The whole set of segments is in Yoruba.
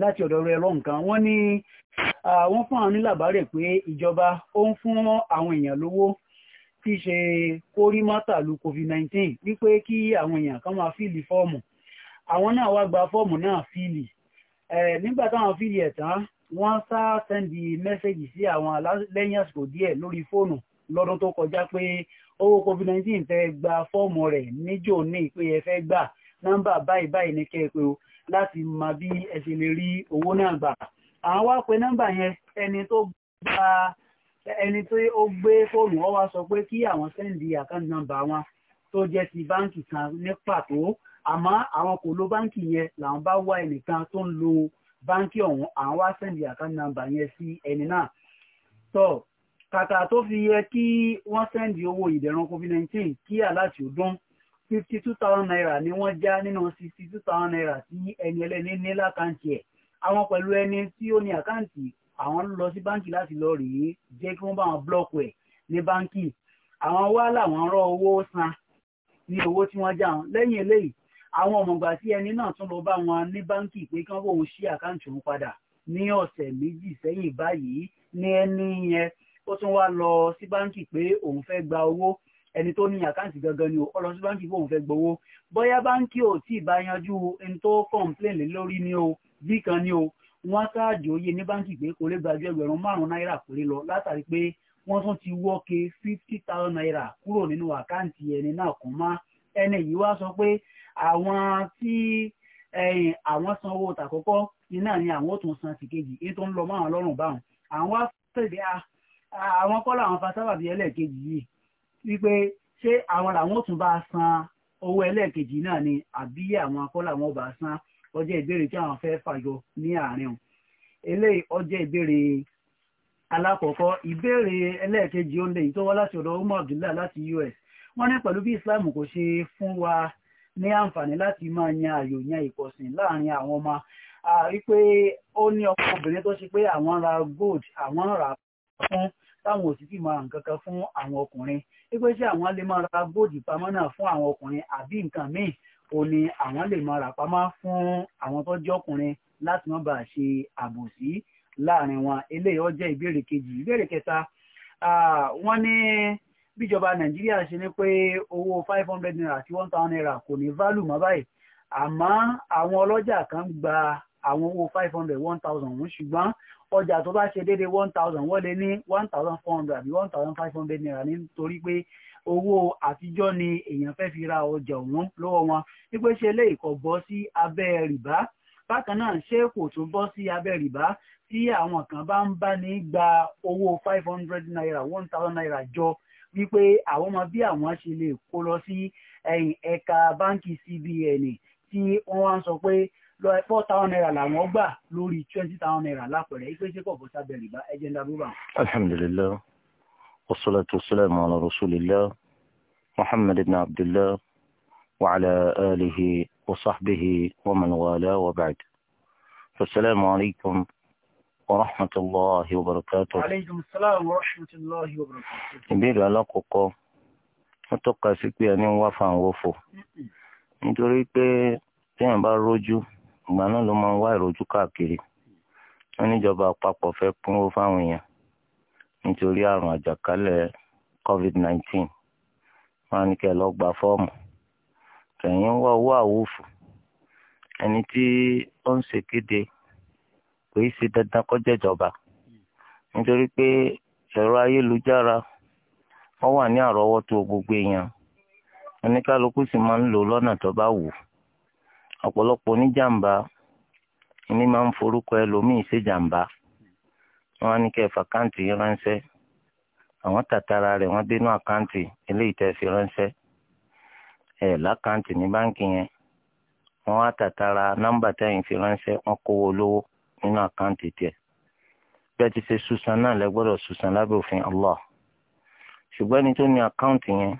láti ọ̀dọ̀ rẹ lọ nǹkan wọ́n ní wọ́n fún àwọn nílàbárẹ̀ pé ìjọba ó ń fún àwọn èèyàn lówó tí í ṣe kórìmọ́tà lu covid nineteen wípé kí àwọn èèyàn kan máa fíìlì fọ́ọ̀mù àwọn náà wá gba fọ́ọ̀mù náà fíìlì nígbà táwọn fíìlì ẹ̀ tán wọ́n sá sẹ́ndì mẹ́sẹ̀gì sí àwọn lẹ́yìn àsìkò díẹ̀ lórí fóònù lọ́dún tó kọjá pé owó covid nineteen fẹ́ gba fọ́ọ̀mù rẹ̀ níjò ní ìpè ẹ fẹ́ gbà nọ́mbà báyìí báyìí ní kẹ́ pé o láti mọ bí ẹ ṣe lè rí owó náà gbà àwọn wá pe nọ́mbà yẹn ẹni tó gba ẹni tó ó gbé fóònù ọwọ́ sọ pé kí àwọn sẹ́ndì àkáǹtì nọ́mbà wọn tó jẹ́ ti báǹkì kan ní pàtó àmọ́ àwọn kò lo báǹkì yẹn làwọn bá wá ẹnìkan tó ń lo báǹkì ọ̀hún àwọn wá sẹ́ndì àkáǹtì nọ́mbà yẹn sí ẹni náà tó kàkà tó fi yẹ kí wọ́n sẹ́ndì owó ìdẹ̀rùn covid-19 kí aláàtì ó fifty two thousand naira ni wọ́n já nínú sixty two thousand naira tí ẹni ẹlẹ́ni ní lákàntì ẹ̀ àwọn pẹ̀lú ẹni tí ó ní àkáǹtì àwọn lọ sí báǹkì láti lọ rèé jẹ́ kí wọ́n bá wọn blọ́ọ̀kù ẹ̀ ní báǹkì àwọn wá làwọn rán owó san ní owó tí wọ́n já wọn lẹ́yìn eléyìí àwọn ọmọọgbà tí ẹni náà tún lọ bá wọn ní báǹkì pé kí wọ́n fòun ṣí àkáǹtì òun padà ní ọ̀sẹ̀ méjì sẹ́yìn báyìí ní ẹni yẹn ó tún wá lọ sí báǹkì pé òun fẹ́ gba owó ẹni tó ní àkáǹtì gangan ni o ó lọ sí báńkì fóun fẹ́ gbowó bóyá báńkì ò tí ì bá yanjú n tó kọ̀ǹplẹ̀n lé lórí ni o bí kan ni o wọ́n ṣáàjì òye ní báńkì pé kò lè gbàjú ẹgbẹ̀rún márùn-ún náírà péré lọ látàrí pé wọ́n tún ti wọ́ọ̀kẹ́ fifty thousand naira kúrò nínú àkáǹtì ẹni náà kàn má ẹni yìí wá sọ pé àwọn tí àwọn san owó tàkọ́kọ́ iná ni àwọn ò tún san tìkejì èyí tó ń lọ mọ́ àwọn lọ́rùn báwọn àwọn á tẹ̀lé ah, ah, àwọn kọ́lá àwọn fasábàbí ẹlẹ́ẹ̀kejì yìí wípé ṣé àwọn làwọn ò tún bá san owó ẹlẹ́ẹ̀kejì náà ni àbí àwọn akọ́ làwọn ò bá san ọjọ́ ìbéèrè tí àwọn fẹ́ fàyọ ní àárín o eléyìí ọjọ́ ìbéèrè alákọ̀ọ́kọ́ ìbéèrè ẹlẹ́ẹ̀kejì ó lè tó wá láti ọ̀dọ̀ Umar Abdullah láti US wọ́n ní pẹ̀lú bí Islam kò ṣe fún wa ní àǹfààní láti máa yan àyò yan ìkọ̀sìn láàrin àwọn ọmọ wípé ó ní ọkùnrin tó ṣe pé àwọn ra gold àwọn rà fún táwọn ò sì máa nǹkan kan fún àwọn ọkùnrin wípé ṣé àwọn lè máa ra góòdì pamọ́ náà fún àwọn ọkùnrin àbí nǹkan míì ò ní àwọn lè máa rà pamọ́ fún àwọn tó jẹ́ ọkùnrin láti má bàa ṣe àbòsí láàrin wọn eléyìí ó jẹ́ ìbéèrè kejì ìbéèrè kẹta wọ́n ní bíjọba nàìjíríà ṣe ní pé owó five hundred naira àti one thousand naira kò ní value mọ́ báyìí àmọ́ àwọn ọlọ́jà kan gba àwọn owó five hundred one thousand ọ̀hún ṣùgbọ́n ọjà tó bá ṣe déédéé one thousand wọ́n lé ní one thousand four hundred àbí one thousand five hundred naira nítorí pé owó àtijọ́ ni èèyàn fẹ́ fi ra ọjà ọ̀hún lọ́wọ́ wọn wípé ṣe lè kọ̀ bọ́ sí abẹ́ rìbá bákan náà ṣé kò tún bọ́ sí abẹ́ rìbá tí àwọn kan bá ń bá ní gba owó five hundred naira one thousand naira jọ wípé àwọn ọmọ bí àwọn ṣe lè kó lọ sí ẹ̀yìn ẹ̀ka báńkì CBN tí wọ́n wá ń sọ pé lọ four thousand naira làwọn gbà lórí twenty thousand naira lápẹ̀rẹ̀ ipe ṣe kọ̀ọ̀kan sábẹ̀ rìbá ẹ̀jẹ̀ ń darúgbà. alhamdulillah wassalatu wassalamu ala rasulillah muhammad ibn abdullah wa ala alihi wa sahbihi wa man wala wa ba'd. assalamu alaykum wa rahmatullahi wa barakatuh. aleykum salaam wa rahmatullahi wa barakatuh. ìbéèrè alákọ̀ọ́kọ́ wọ́n tọ́ka sí pé ẹni ń wá fáwọn wọ́fọ̀ nítorí pé téèyàn bá rójú ìgbà náà ló máa ń wá ìrojú káàkiri wọ́n níjọba àpapọ̀ fẹ́ pínwó fáwọn èèyàn nítorí àrùn àjàkálẹ̀ covid-19 ma á ní kẹ́ lọ́ọ́ gba fọ́ọ̀mù tẹ̀yìn ń wá owó àwòfù ẹni tí ó ń ṣe kéde kò í ṣe dandan kọjá ìjọba nítorí pé ẹ̀rọ ayélujára wọ́n wà ní àrọ́wọ́tó gbogbo èèyàn oníkálukú sì máa ń lò lọ́nà tó bá wù ú ọ̀pọ̀lọpọ̀ oníjàmbá ni máa ń forúkọ ẹlòmíì ṣèjàmbá wọn á ní kẹ́ fàkáǹtì yìí ránṣẹ́ àwọn tàtàrà rẹ̀ wọ́n dénú àkáǹtì eléyìí tẹ́ fi ránṣẹ́ lákáǹtì ní báǹkì yẹn wọn á tàtàrà nọ́mbà tẹ́yìn fi ránṣẹ́ wọ́n kówó nínú àkáǹtì ti ṣe susan náà lẹ susan òfin Allah ṣùgbọ́n ẹni yẹn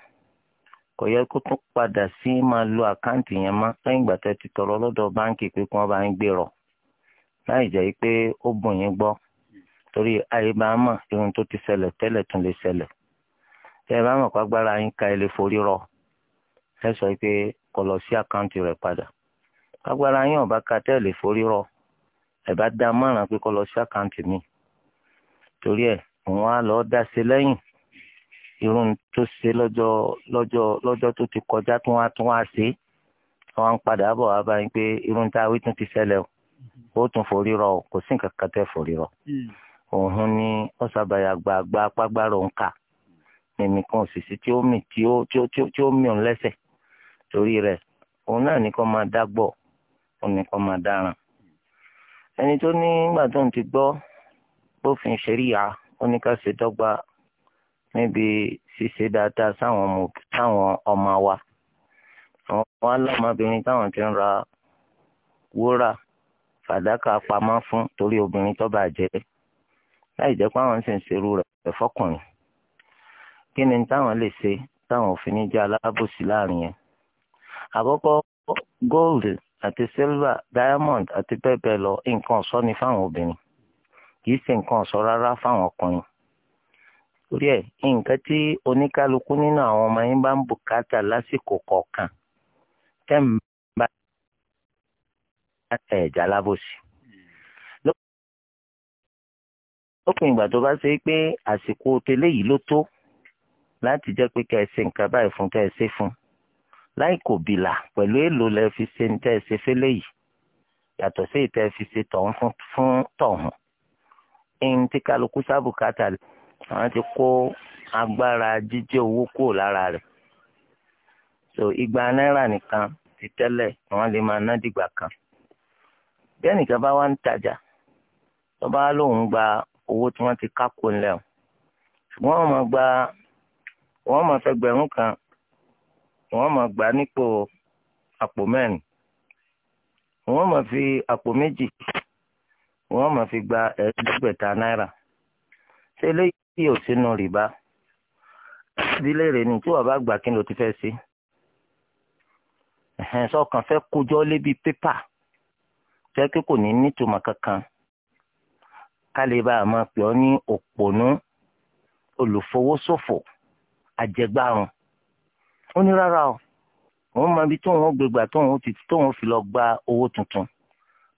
kò yẹ kó tún padà sí máa lo àkáǹtì yẹn mọ́ lẹ́yìn ìgbà tẹ́ ti tọrọ lọ́dọ̀ báǹkì pé kí wọ́n bá ń gbèrò láì jẹ́ pé ó bùn yín gbọ́ torí ayé bá mọ̀ irun tó ti ṣẹlẹ̀ tẹ́lẹ̀ tún lè ṣẹlẹ̀ tẹ́ ẹ bá mọ̀ pàgbára yín ka ẹ lè forí rọ ẹ sọ pé kó lọ sí àkáǹtì rẹ̀ padà pàgbára yín ọ̀bá ka tẹ́ lè forí rọ ẹ bá dá mọ̀ràn pé kó lọ sí àkáǹtì mi torí ẹ̀ òun á lọ dá sí lẹ́yìn irun tó ṣe lọ́jọ́ lọ́jọ́ lọ́jọ́ tó ti kọjá tó wá tó wá ṣe wọ́n ń padà bọ̀ wá báyìí pé irun tá a wí tún ti ṣẹlẹ̀ o ó tún forí rọ kò sí nǹkan kan tẹ́ forí rọ òun ni ó sábàyà gbàgbà pàgbàrò ń kà nìkan òṣìṣẹ́ tí ó mì tí ó tí ó tí ó mì òun lẹ́sẹ̀ torí rẹ̀ òun náà ní kó máa dágbọ̀ òun ní máa dáràn ẹni tó ní gbàdúrà ti gbọ́ bófin ṣẹ̀ríyà ó ní ká ṣe dọ́gba níbi ṣíṣe dáadáa sáwọn ọmọ wa àwọn ọlọ́mọbìnrin táwọn ti ń ra wúrà fàdákà pamọ́ fún torí obìnrin tó bàjẹ́ láì jẹ́ pé àwọn sì ń ṣerú rẹ̀ fọkùnrin kí ni táwọn lè ṣe táwọn òfin ní alábòsí láàrin yẹn àkọ́kọ́ gold àti silver diamond àti bẹ́ẹ̀ bẹ́ẹ̀ lọ nǹkan ọ̀ṣọ́ ni fáwọn obìnrin kì í ṣe nǹkan ọ̀ṣọ́ rárá fáwọn ọkùnrin torí ẹ̀ nǹkan tí oníkálukú nínú àwọn ọmọ yín bá ń bùkátà lásìkò kọ̀ọ̀kan tẹ́ ń bá ẹ̀já lábòsí. lópin ìgbà tó bá ṣe pé àsìkò tẹ́lẹ̀ yìí ló tó láti jẹ́ pé kẹ́ ẹ nǹkan báyìí fún kẹ́ fún láì kò bìlà pẹ̀lú èèlò lẹ fi ṣe ní tẹ́ fẹ́lẹ̀ yìí yàtọ̀ sí ìtẹ́ ṣe tọ̀hún fún tọ̀hún ẹni tí kálukú sábùkátà lẹ́yìn àwọn ti kó agbára jíjẹ owó kúrò lára rẹ̀ so igba náírà nìkan ti tẹ́lẹ̀ àwọn lè máa ná dìgbà kan bí ẹnìkan bá wá ń tajà tó bá lóun gba owó tí wọ́n ti kákó ńlẹ̀ o ṣùgbọ́n wọ́n máa gba wọ́n máa fẹ́ gbẹ̀rún kan wọ́n máa gbà nípò àpò mẹ́rin wọ́n máa fi àpò méjì wọ́n máa fi gba ẹ̀ẹ́dẹ́gbẹ̀ta náírà ṣé eléyìí tí ò sínú rìbá ìdílé rẹ̀ ni tí wọ́n bá gbà kí ló ti fẹ́ ṣe ẹ̀hẹ́n sọ́kàn fẹ́ kójọ́ lébi pépà jẹ́ pé kò ní nítumọ̀ kankan ká lè bá a máa pè ọ́ ní òpònú olùfowóṣòfò àjẹgbárun ó ní rárá o òun máa bi tóun ó gbégbà tóun ó títí tóun ó fi lọ gba owó tuntun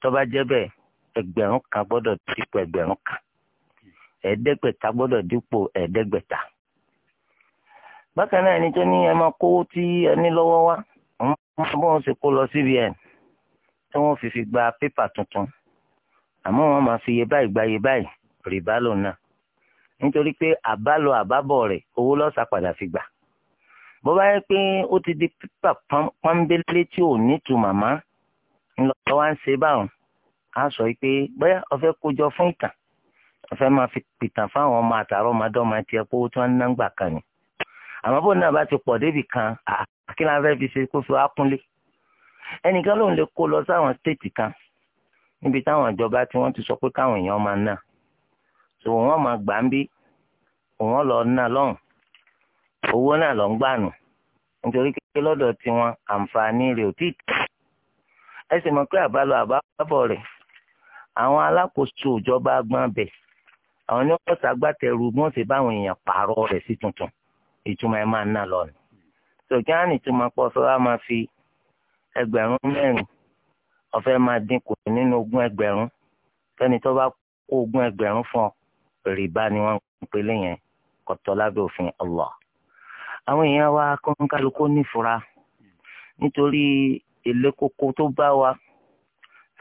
tó bá jẹ́ bẹ́ẹ̀ ẹgbẹ̀rún kan gbọ́dọ̀ dípò ẹgbẹ̀rún kan ẹ̀ẹ́dẹ́gbẹ̀ta gbọ́dọ̀ dípò ẹ̀ẹ́dẹ́gbẹ̀ta. bákan náà ẹni tó ní ẹ máa kówó tí ẹ ní lọ́wọ́ wá wọ́n bọ́ wọn sì kó lọ CBN tí wọ́n fi fi gba pépà tuntun àmọ́ wọ́n máa fi iye báyìí gba iye báyìí rìbá lò náà nítorí pé àbálò àbábọ̀ rẹ̀ owó lọ́sà padà fi gbà bó bá yẹ pé ó ti di pépà pọ́nbélé tí ò ní tu màmá ńlọ wá ń ṣe báwọn á sọ pé bóyá o fẹ́ kójọ fún ìtàn ọ̀fẹ́ máa fi pìtàn fáwọn ọmọ àtàrọ̀ ọmọdé ọmọ tiẹ̀ pé owó tí wọ́n ń ná gbà kan ni àmọ́ bó náà bá ti pọ̀ débi kan àkínlá fẹ́ fi ṣe kó fi wá kúnlé ẹnìkan lòun lè kó lọ sáwọn stéètì kan níbi táwọn ìjọba tí wọ́n ti sọ pé káwọn èèyàn máa ná so wọ́n máa gbà ń bí wọ́n lọ ná lọ́hùn owó náà lọ ń gbànú nítorí kékeré lọ́dọ̀ tiwọn àǹfààní rẹ̀ ò tí ì tẹ̀ ẹ sì mọ̀ pé àbálọ àbábọ̀ rẹ̀ àwọn alákòóso ìjọba agbọ́n bẹ̀ àwọn ní wọ́n ṣàgbàtẹ̀rù bí wọ́n ṣe báwọn èèyàn pààrọ̀ rẹ̀ sí tuntun ìtumọ̀ ẹ̀ máa ń ná lọ ni. sọ̀kíá ní ìtumọ̀ pọ̀ fẹ́ wá máa fi ẹgbẹ̀rún mẹ́rin ọ̀fẹ́ máa dín kù nínú ogún ẹgbẹ̀rún fẹ́ni tó bá kó ogún ẹgbẹ̀rún fún ọ rìbá ni wọ́n ń pele yẹn kọ̀tọ́ lábẹ́ òfin Allah. àwọn èèyàn wa kọ́ńkálukú nífura nítorí èlé koko tó bá wa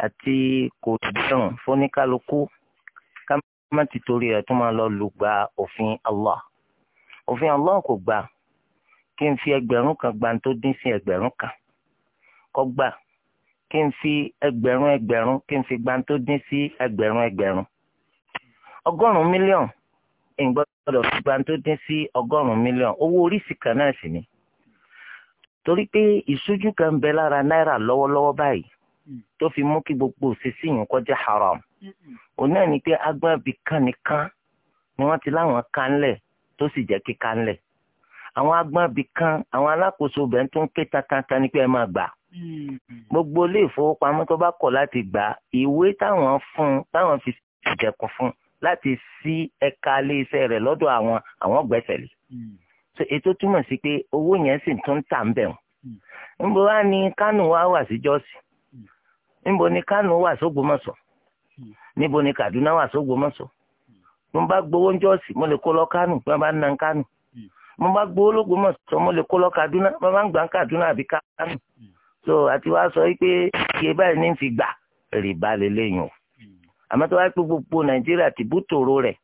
àti kò dẹrùn fóníkálukú má ti torí ẹ̀ tó máa lọ lù òfin Allah òfin Allah kò gbà kí n fi ẹgbẹ̀rún kan gba tó dín sí ẹgbẹ̀rún kan kò gbà kí n fi ẹgbẹ̀rún ẹgbẹ̀rún kí n fi gba tó dín sí ẹgbẹ̀rún ẹgbẹ̀rún ọgọ́rùn-ún mílíọ̀nù ìgbọ́dọ̀ fi gba tó dín sí ọgọ́rùn-ún mílíọ̀nù owó oríṣi kan náà sì ni torí pé ìṣújú kan bẹ lára náírà lọ́wọ́lọ́wọ́ báyìí tó fi mú kí gbogbo òṣìṣì yìí kọjá haram. Mm òun náà ni pé agbọ́n bí kánìkan ni wọ́n ti láwọn kánlẹ̀ tó sì jẹ́ kíkánlẹ̀ àwọn agbọ́n bí kan àwọn alákòóso bẹ́ẹ̀ tó ń ké tantan ni pé ẹ máa gbà gbogbo ilé ìfowópamọ́ tó bá kọ̀ láti gbà ìwé táwọn fún táwọn fi ṣèjẹ̀kùn fún láti sí ẹ̀ka iléeṣẹ́ rẹ̀ lọ́dọ̀ àwọn àwọn gbẹ́sẹ̀lé so ètò túmọ̀ sí pé owó yẹn sì tún tà ń bẹ̀ wọ́n níbo wá ní Kánò wá wà sí Jọ́ọ̀sì níbo ni Kánò wà sógbómọ̀ṣọ́ níbo ni Kaduna wà s'Ógbómọ̀ṣọ́ mo bá gbowó ń jọ́ọ̀sì mo lè kó lọ Kánò bí wọ́n bá ń na Kánò mo bá gbowó l'Ógbómọ̀ṣọ́ mo lè kó lọ Kaduna bí bá ń gbà Kaduna àbí Kánò so àti wá sọ pé iye báyìí ní fi gbà rìbá lélẹ́yìn o àmọ́ tó wá pé gbogbo Nàìjíríà ti bú tòró rẹ̀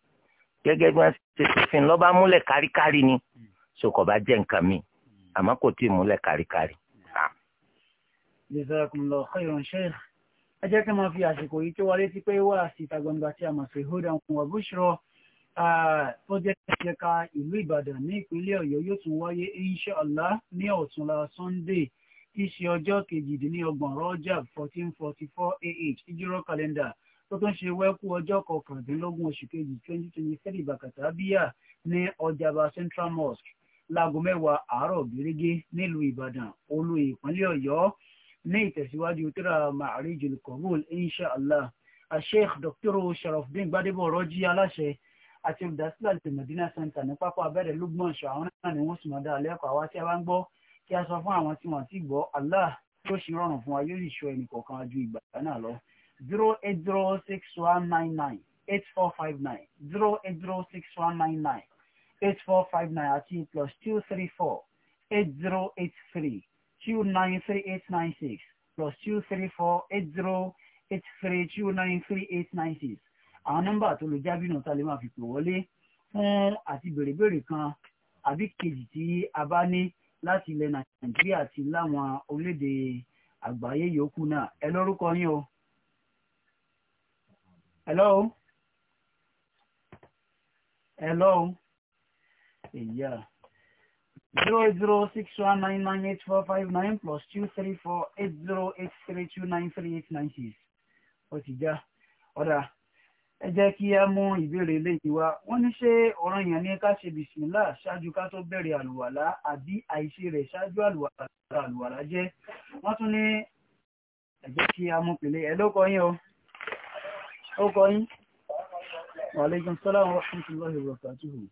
gẹ́gẹ́ bí wọ́n ṣe fòfin lọ́ba múlẹ̀ káríkárí ni sokò bá jẹ́ nǹkan mi àmọ́ kò tí ì múlẹ̀ káríkárí ẹ jẹ́ kí n máa fi àsìkò yìí tó wọlé sí pé wọ́n àti ìta gbangba tí a mọ̀ sí hudan wa bushra tó jẹ́ ẹ̀ka ìlú ìbàdàn ní ìpínlẹ̀ ọ̀yọ́ yóò tún wáyé inshàlá ní ọ̀túnla sunday tí í ṣe ọjọ́ kejìdínlọ́gbọ̀n rọ́jàb fourteen ah ìjírọ̀ kàlẹ́ndà tó tún ṣe wẹ́kú ọjọ́ kọkàndínlógún oṣù kejì twenty twenty three bàkàtà bíyà ní ọjàba central mosque láago mẹ́wàá àárọ̀ gẹ́gẹ́ nílùú ìbàdàn olú ìpínlẹ̀ ọ̀yọ́ ní ìtẹ̀síwájú tíra Ma'arijul Qabul inshallah asheikh dr sharafdin gbadebo rọjí aláṣẹ àti olùdásílẹ̀ àti Medina center ní pápá abẹ́rẹ́ lógbọ̀nsọ àwọn náà ni wọ́n sì máa dá lẹ́kọ̀ọ́ àwa tí a bá ń gbọ́ kí a sọ fún àwọn tí wọ́n ti gbọ́ Allah tó ṣe rọrùn fún wa yóò ṣọ ẹnì kọ̀ọ̀kan ju ìgbà náà lọ zero eight zero six one nine nine eight four five nine zero eight zero six one nine nine eight four five nine àti plus two three four eight zero eight three. 293896 nine three eight nine six plus two three four eight zero eight three two nine three eight nine six àwọn nọ́mbà tó lè jábí náà tá a lè máa fi pè wọlé fún àti bèrèbèrè kan àbí kejì tí a bá ní láti ilẹ̀ nàìjíríà àti láwọn orílẹ̀-èdè àgbáyé yòókù náà ẹ lórúkọ yín o. hello hello. yeah zero zero six one nine nine eight four five nine plus two three four eight zero eight three two nine three eight nine six ó ti já ọ̀dà ẹ jẹ́ kí a mú ìbéèrè eléyìí wá wọ́n ní ṣé ọ̀ràn yẹn ní ká ṣe bìsìmílà ṣáájú ká tó bẹ̀rẹ̀ àlùwàlá àbí àìṣe rẹ̀ ṣáájú àlùwàlá jẹ́ wọ́n tún ní ẹ jẹ́ kí a mú pèlè ẹ ló yín o ó kọ yín wa alaikum salaam wa rahmatullahi wa barakatuhu.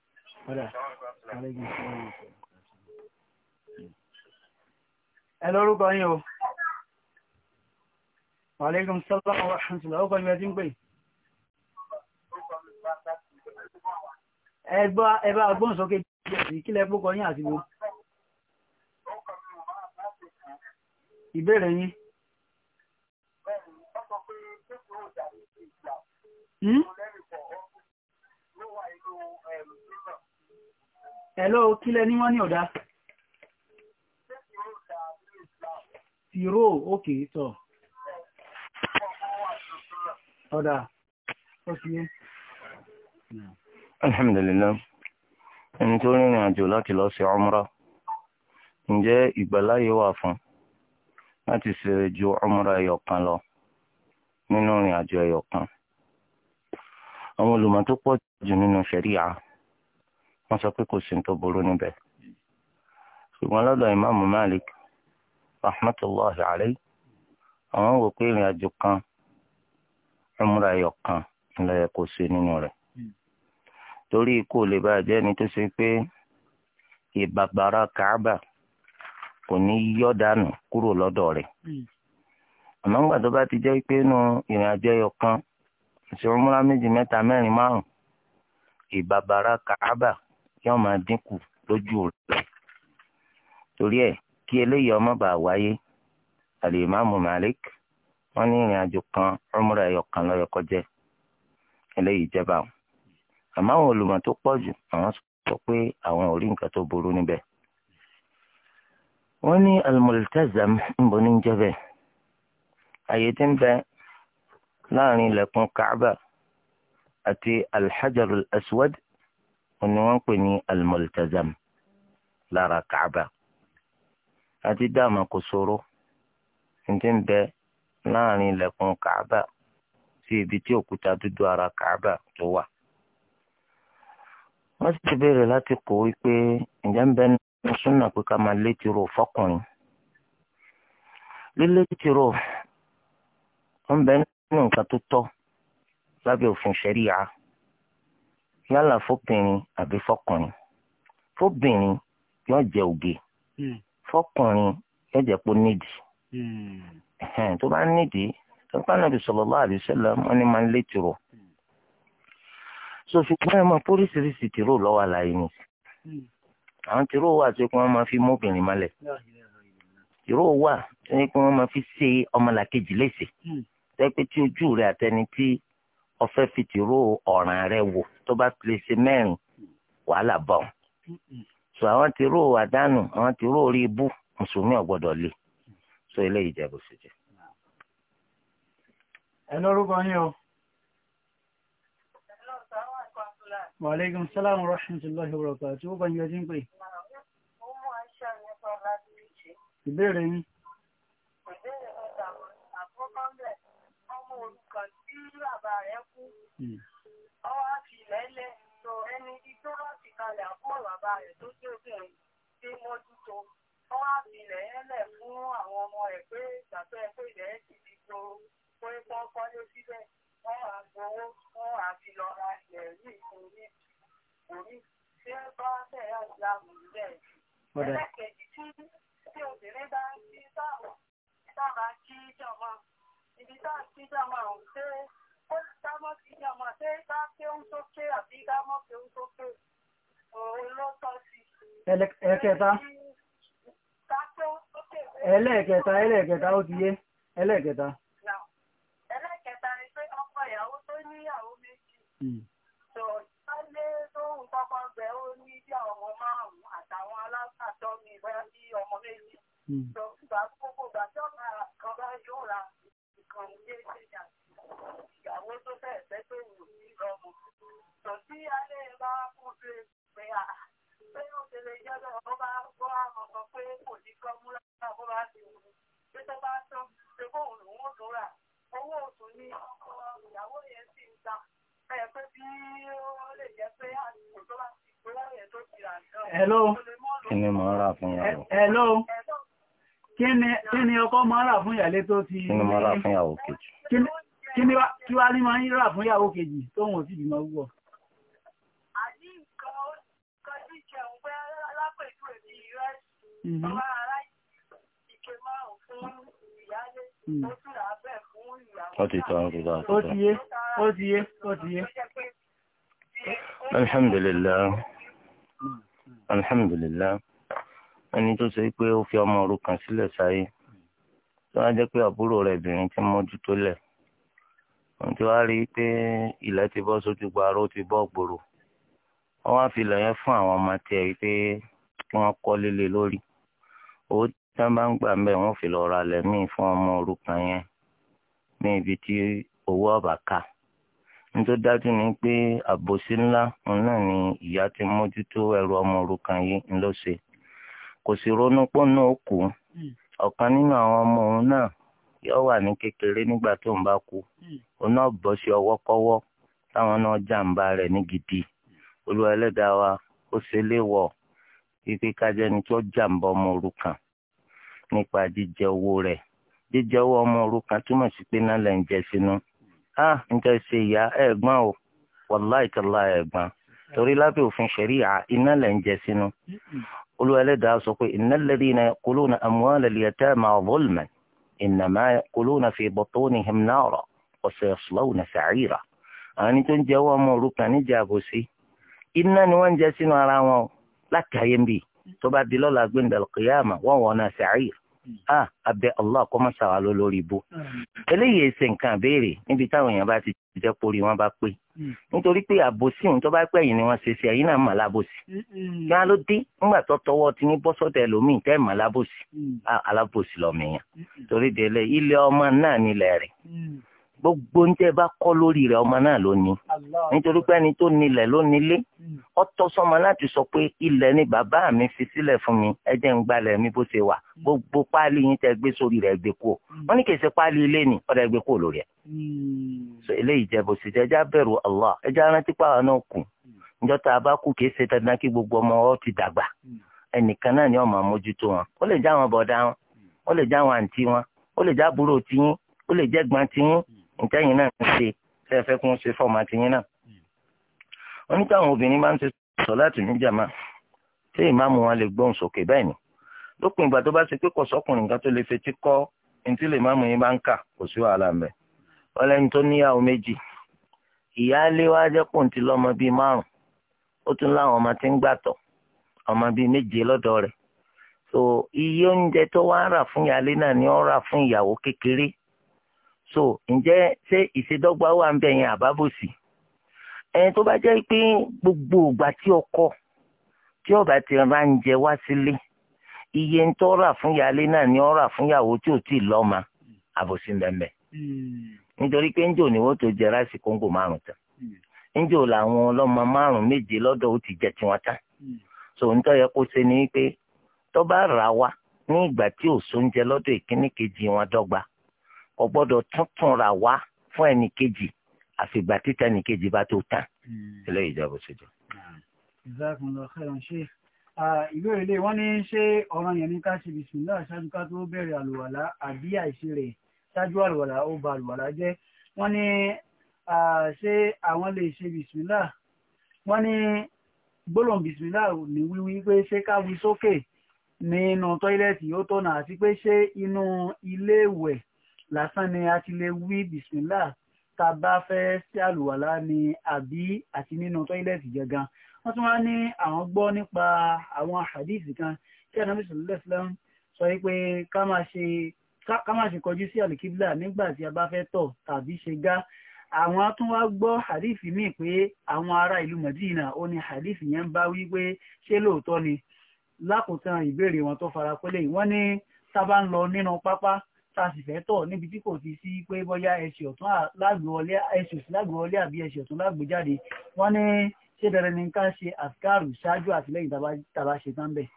ẹ lórúkọ yín o wàlẹ́gùn sọ́lá àwọn ṣùgbọ́n ó kọjú ẹtí ń pè ẹgbà agbóhùnsókè jẹ́sì kílẹ̀ púpọ̀ yín àti wo ìbéèrè yín Hmm? ẹ̀lọ́ kílẹ̀ ní wọ́n ní ọ̀dá tìró òkè tọ̀ ọ̀dá ọ̀síyẹ́ alhamdulillah ẹni tó rìnrìn àjò láti lọ sí umrah ǹjẹ́ ìgbàláyé wà fún láti ṣe ju umrah ẹyọkan lọ nínú ìrìn àjò ẹyọkan àwọn olùmọ̀ tó pọ̀ jù nínú ṣẹ̀ríà wọ́n sọ pé kò sí ní tó burú níbẹ̀ ṣùgbọ́n lọ́dọ̀ ìmáàmù Malik rahmatulahi alayhi àwọn wò pé ìrìn àjò kan umra ẹyọ kan ló yẹ kó ṣe nínú rẹ̀ torí ikú ò lè bá jẹ́ ẹni tó ṣe pé ìbàbàrà Kaaba kò ní yọ dànù kúrò lọ́dọ̀ rẹ̀ àmọ́ ńgbà tó bá ti jẹ́ pé inú ìrìn àjò ẹyọ kan ṣe umra méjì mẹ́ta mẹ́rin márùn ìbàbàrà Kaaba kí wọ́n máa dínkù lójú rẹ̀ torí ẹ̀ kí eléyìí ọmọ bá wáyé alimami Malik wọ́n ní ìrìn àjò kan ọmọdé ẹyọ kan lọyọ kọjẹ eléyìí jẹba o àmọ́ àwọn olùmọ̀ tó pọ̀ jù àwọn sọ pé àwọn ò rí nǹkan tó burú níbẹ̀ wọ́n ní almultazam ń bọ̀ ní jẹbẹ àyè tí ń bẹ láàrin ilẹ̀kùn Kaaba àti alhajarul aswad òní wọ́n pè ní almultazam lára kaaba àti dáàmà kò ṣòro ǹjẹ́ ń bẹ láàrin ilẹ̀kùn kaaba sí ibi tí òkúta dúdú ara kaaba tó wà. wọ́n sì ti béèrè láti kó wípé ǹjẹ́ ń bẹ nínú súnà pé ká máa létí ro fọkùnrin. lílétí ro ń bẹ nínú nǹkan tó tọ́ lábẹ́ òfin ṣẹ̀ríà yálà fọkùnrin àbí fọkùnrin fọbìnrin yóò jẹ oge hmm. fọkùnrin yóò jẹ pé hmm. nídìí tó bá nídìí nípa Ànábì sallallahu alaihi wasallam wọn ni máa ń lé tìrò sòfin pé ẹ máa póríṣiríṣi tìrò lọ́wọ́ àlàyé ni hmm. àwọn tìrò wà tó kí wọ́n máa fi móbìnrin malẹ̀ tìrò wà tó kí wọ́n máa fi ṣe ọmọlàkejì léṣe tẹ́ tí ojú rẹ̀ àtẹni tí ọfẹ́ fìtìró ọ̀ràn rẹ wò tó bá pilẹ̀sì mẹ́rin wàhálà bọ̀ ọ́n. àwọn ti ró àdánù àwọn ti ró orí ibú mùsùlùmí ò lè sọ eléyìí jẹ́ bó ṣe jẹ́. ẹ lórúkọ yín o. Wàlẹ́gùn sálámù rahmatullahi wa barakatuh. Ó bá ń yọjú ń pè. Ìbéèrè yín. bàbá rẹ̀ kú ọwọ́ hmm. àti ìlẹ́lẹ̀ sọ ẹni tí tó láti kalẹ̀ àbúrò bàbá rẹ̀ tó jẹ́ obìnrin tí mójútó ọwọ́ àti ìlẹ́lẹ̀ fún àwọn ọmọ rẹ̀ pé ìgbàgbẹ́ pé ilẹ̀ ti di tó pé wọ́n kọ́lé síbẹ̀ wọ́n wà gbowó wọ́n wà fi lọ ra ilẹ̀ yìí fún ní orí tí bá bẹ̀rẹ̀ ìlànà ìlẹ̀ ẹlẹ́kẹ̀jì tí tí obìnrin bá ń kí sáà bá kí jọmọ ibi tá à kí jọmọ ọ̀hún ṣe ó ní ká mọ́ sí ọmọ ṣé ká ké ń ẹlẹ́kẹta ẹlẹ́kẹta ẹlẹ́kẹta ó ti yé ẹlẹ́kẹta. ẹlẹ́kẹta ni pé ọkọ ìyàwó tó níyàwó méjì sọ sálé tóun kọ́kọ́ gbẹ ó ní bí ọmọ márùn àtàwọn alágbàtọ́ mi bẹ́ẹ̀ bí ọmọ méjì. sọ gbàgbọ́gbọ́ gbàgbọ́ kan bá yóò ra ìkànnì méjì àti ìyàwó tó fẹ́ fẹ́ tó wù ní lọ́mù tò sí alẹ́ bá kú sí pé à pé ó ti lè jẹ́ bẹ́ẹ̀ ó bá gbọ́ àmọ́ kan pé kò ní kọ́ mú lára bó bá ti wù pé tó bá tó ṣe bó òun lòun ò tó owó òtún ní ọkọ ìyàwó yẹn sì ń ta ẹ pé bí ó lè jẹ́ pé àsìkò tó bá ti gbowó yẹn tó ti rà náà. kí ni mo rà fún yàrá. Kí ni ọkọ máa rà fún ìyàlé tó ti. Kí ni mo rà fún ìyàwó kí kí wá ní máa ń rà fún ìyàwó kejì tó wọ́n sì bímọ wúwọ̀. àdí nǹkan kọjú jẹun pé alápẹ̀jú ẹ̀bí ìrẹsì ọba mhm. ará ìké márùn fún ìyáálé mhm. ó tún rà bẹ́ẹ̀ fún ìyàwó. ó ti tọ́ ó ti yé ó ti yé ó alhamdulillah alhamdulillah ẹni tó ṣe pé ó fi ọmọ òrukàn sílẹ̀ sáyé tó wá jẹ́ pé àbúrò rẹ̀ obìnrin ti mójútó lẹ̀. wọ́n a rí i pé ilẹ̀ ti bọ́ sójú gbàrú ti bọ́ gbòòrò wọ́n wá fi fún àwọn ọmọ tiẹ̀ rí kí wọ́n kọ́ líle lórí owó tí wọ́n bá ń gbà fi lọ́ọ́ ra fún ọmọ òrukàn yẹn ní ibi tí owó ọ̀bà ká nítorí dájú ni pé àbòsí ńlá òun náà ni ìyá ti mójútó ẹrù ọmọ yìí kò sì ronú hmm. ọ̀kan nínú àwọn ọmọ òun náà yóò wà ní kékeré nígbà tó ń bá kú òun hmm. náà bọ́ sí ọwọ́ kọ́wọ́ táwọn náà jàǹbá rẹ̀ ní gidi olúwa ẹlẹ́dàá wa ó ṣe léwọ̀ pípé kájẹ́ni tó jàǹbá ọmọ òrukàn nípa jíjẹ owó rẹ̀ jíjẹ owó ọmọ túmọ̀ sí pé náà lẹ́ ń jẹ sínú ń ṣe ìyá ẹ̀gbọ́n o wàláì tàlá ẹ̀gbọ́n torí lábẹ́ òfin ṣẹ̀ríà iná lẹ́ ń jẹ sínú hmm. olúwa ẹlẹ́dàá sọ pé إنما يأكلون في بطونهم نارا وسيصلون سعيرا àwọn tó ń jẹ wọn ọmọ òrukàn níjà àbòsí iná ni wọ́n ń jẹ sínú ara wọn lákàáyé ń bì tó bá di lọ́la gbẹ̀ndàlùkìyàmà wọ́n wọ́n náà sàárì a abẹ allah kọ́ máa ṣàwà lọ lórí ibú eléyìí ẹsẹ̀ nǹkan àbẹ́rẹ́ níbi táwọn èèyàn bá ti jẹ́ porí wọn bá pé nítorí pé àbòsí òun tó bá pẹ́ yìí ni wọ́n ṣe ṣe ẹ̀yìn náà mà lábòsí kí wọ́n ló dé nígbà tó tọwọ́ ti ní bọ́sọ̀tẹ̀ lómi tẹ́ mà lábòsí hmm. alábòsí lọ́mìyàn torí délé ilé ọmọ náà nílẹ̀ rẹ̀ hmm gbogbo ń tẹ́ bá kọ́ lórí rẹ̀ ọmọ náà lónìí nítorí pé ẹni tó nílẹ̀ ló nílé hmm. ó tọ́ láti sọ pé ilẹ̀ ni bàbá mi fi sílẹ̀ fún mi ẹ jẹ́ ń gbalẹ̀ mi bó ṣe wà hmm. gbogbo páálí yín tẹ́ gbé sórí rẹ̀ gbé kú hmm. wọn ní kì í ṣe páálí ilé ni ọ̀dà gbé kú lórí ẹ̀. so eléyìí jẹ́ bó ṣe jẹ́ ẹjá bẹ̀rù Allah ẹjá rántí pààrọ̀ náà kù níjọ́ tá a bá kú kì í ṣe dandan kí gbogbo ọmọ ọ ti dàgbà ẹnìkan náà ni ọmọ àmójútó wọn ó lè já àwọn bọ̀dá wọn ó lè já àwọn àǹtí wọn ó lè já àbúrò tiyín ó lè jẹ́ gbọ́n ntẹ́yìn náà ń ṣe tẹ́ ẹ fẹ́ kún ṣe fọ́ọ̀mù àtìyìn náà. wọ́n ní táwọn obìnrin máa ń ṣe sọ láti ní jàmá tí ìmáàmù wọn lè gbóhùn sókè bẹ́ẹ̀ ni lópin ìgbà tó bá ṣe pé kò sọ́kùnrin kan tó lè fetí kọ́ ntí lè máàmù yín bá ń kà kò sí wàhálà ń bẹ̀. wọ́n tó níyàwó méjì ìyáálé wa jẹ́ pò ti lọ́mọ bíi márùn-ún ó tún láwọn ọmọ tí ń gbàtọ̀ ọmọ bíi méje lọ́dọ̀ rẹ̀ so iye oúnjẹ tó wá rà fún ìyáálé náà ni ó rà fún ìyàwó kékeré so ǹjẹ́ ṣé ìṣèdọ́gba wà ń bẹ̀ yẹn àbábòsí ẹni tó bá jẹ́ pé gbogbo ìgbà tí ọkọ tí ọba ti ra ń jẹ wá iye ń tọ́ rà fún ìyáálé náà ni ọ́ rà fún ìyàwó tí ò tí ì njo àbòsí nítorí pé ni wọ́n tó jẹ ráìsì kóńgò márùn tán ńjò làwọn ọlọ́mọ márùn méje lọ́dọ̀ ti jẹ tán so yẹ kó ni pé tó bá rà wá ní ìgbà tí ò sóúnjẹ kò gbọ́dọ̀ tuntun ra wá fún ẹnì kejì àfìgbà títa ẹnì kejì bá tó tán ilé ìjọba ṣèjọ. ìbéèrè lè wọ́n ní ṣé ọ̀ràn yẹn ní ká ṣe bìsìmílà ṣáájú ká tó bẹ̀rẹ̀ àlùwàlá àbí àìṣe rẹ̀ ṣáájú àlùwàlá ó ba àlùwàlá jẹ́ wọ́n ní ṣé àwọn lè ṣe bìsìmílà wọ́n ní gbólóhùn bìsìmílà ní wíwí pé ṣé ká wí sókè nínú tọ́ílẹ̀tì ó tọ̀nà àti pé ṣé inú ilé ìwẹ̀ lásán ni a ti lè wí bisimilá tá a bá fẹ́ sí àlùwàlá ni àbí àti nínú tọ́ílẹ̀tì gangan wọ́n tún wá ní àwọn gbọ́ nípa àwọn àdìsí kan tí ànábì sọ̀rọ̀ lẹ́sìlẹ̀ ń sọ pé ká máa ṣe ká máa ṣe kọjú sí àlùkíbílà nígbà tí a bá fẹ́ tọ̀ tàbí ṣe gá àwọn tún wá gbọ́ hadith míì pé àwọn ará ìlú Madina ó ní hadith yẹn ń bá wí pé ṣé lóòótọ́ ni lákòótán ìbéèrè wọn tó fara pẹ́lẹ́ wọ́n ní sábà ń lọ nínú pápá tá a sì fẹ́ tọ̀ níbi tí kò ti sí pé bóyá ẹsẹ̀ ọ̀tún lágbèwọlé ẹsẹ̀ òsì lágbèwọlé àbí ẹsẹ̀ ọ̀tún lágbèjáde wọ́n ní ṣé dandan ni ká ṣe àfikàrù ṣáájú àtìlẹ́yìn tàbá ṣe tán bẹ́ẹ̀.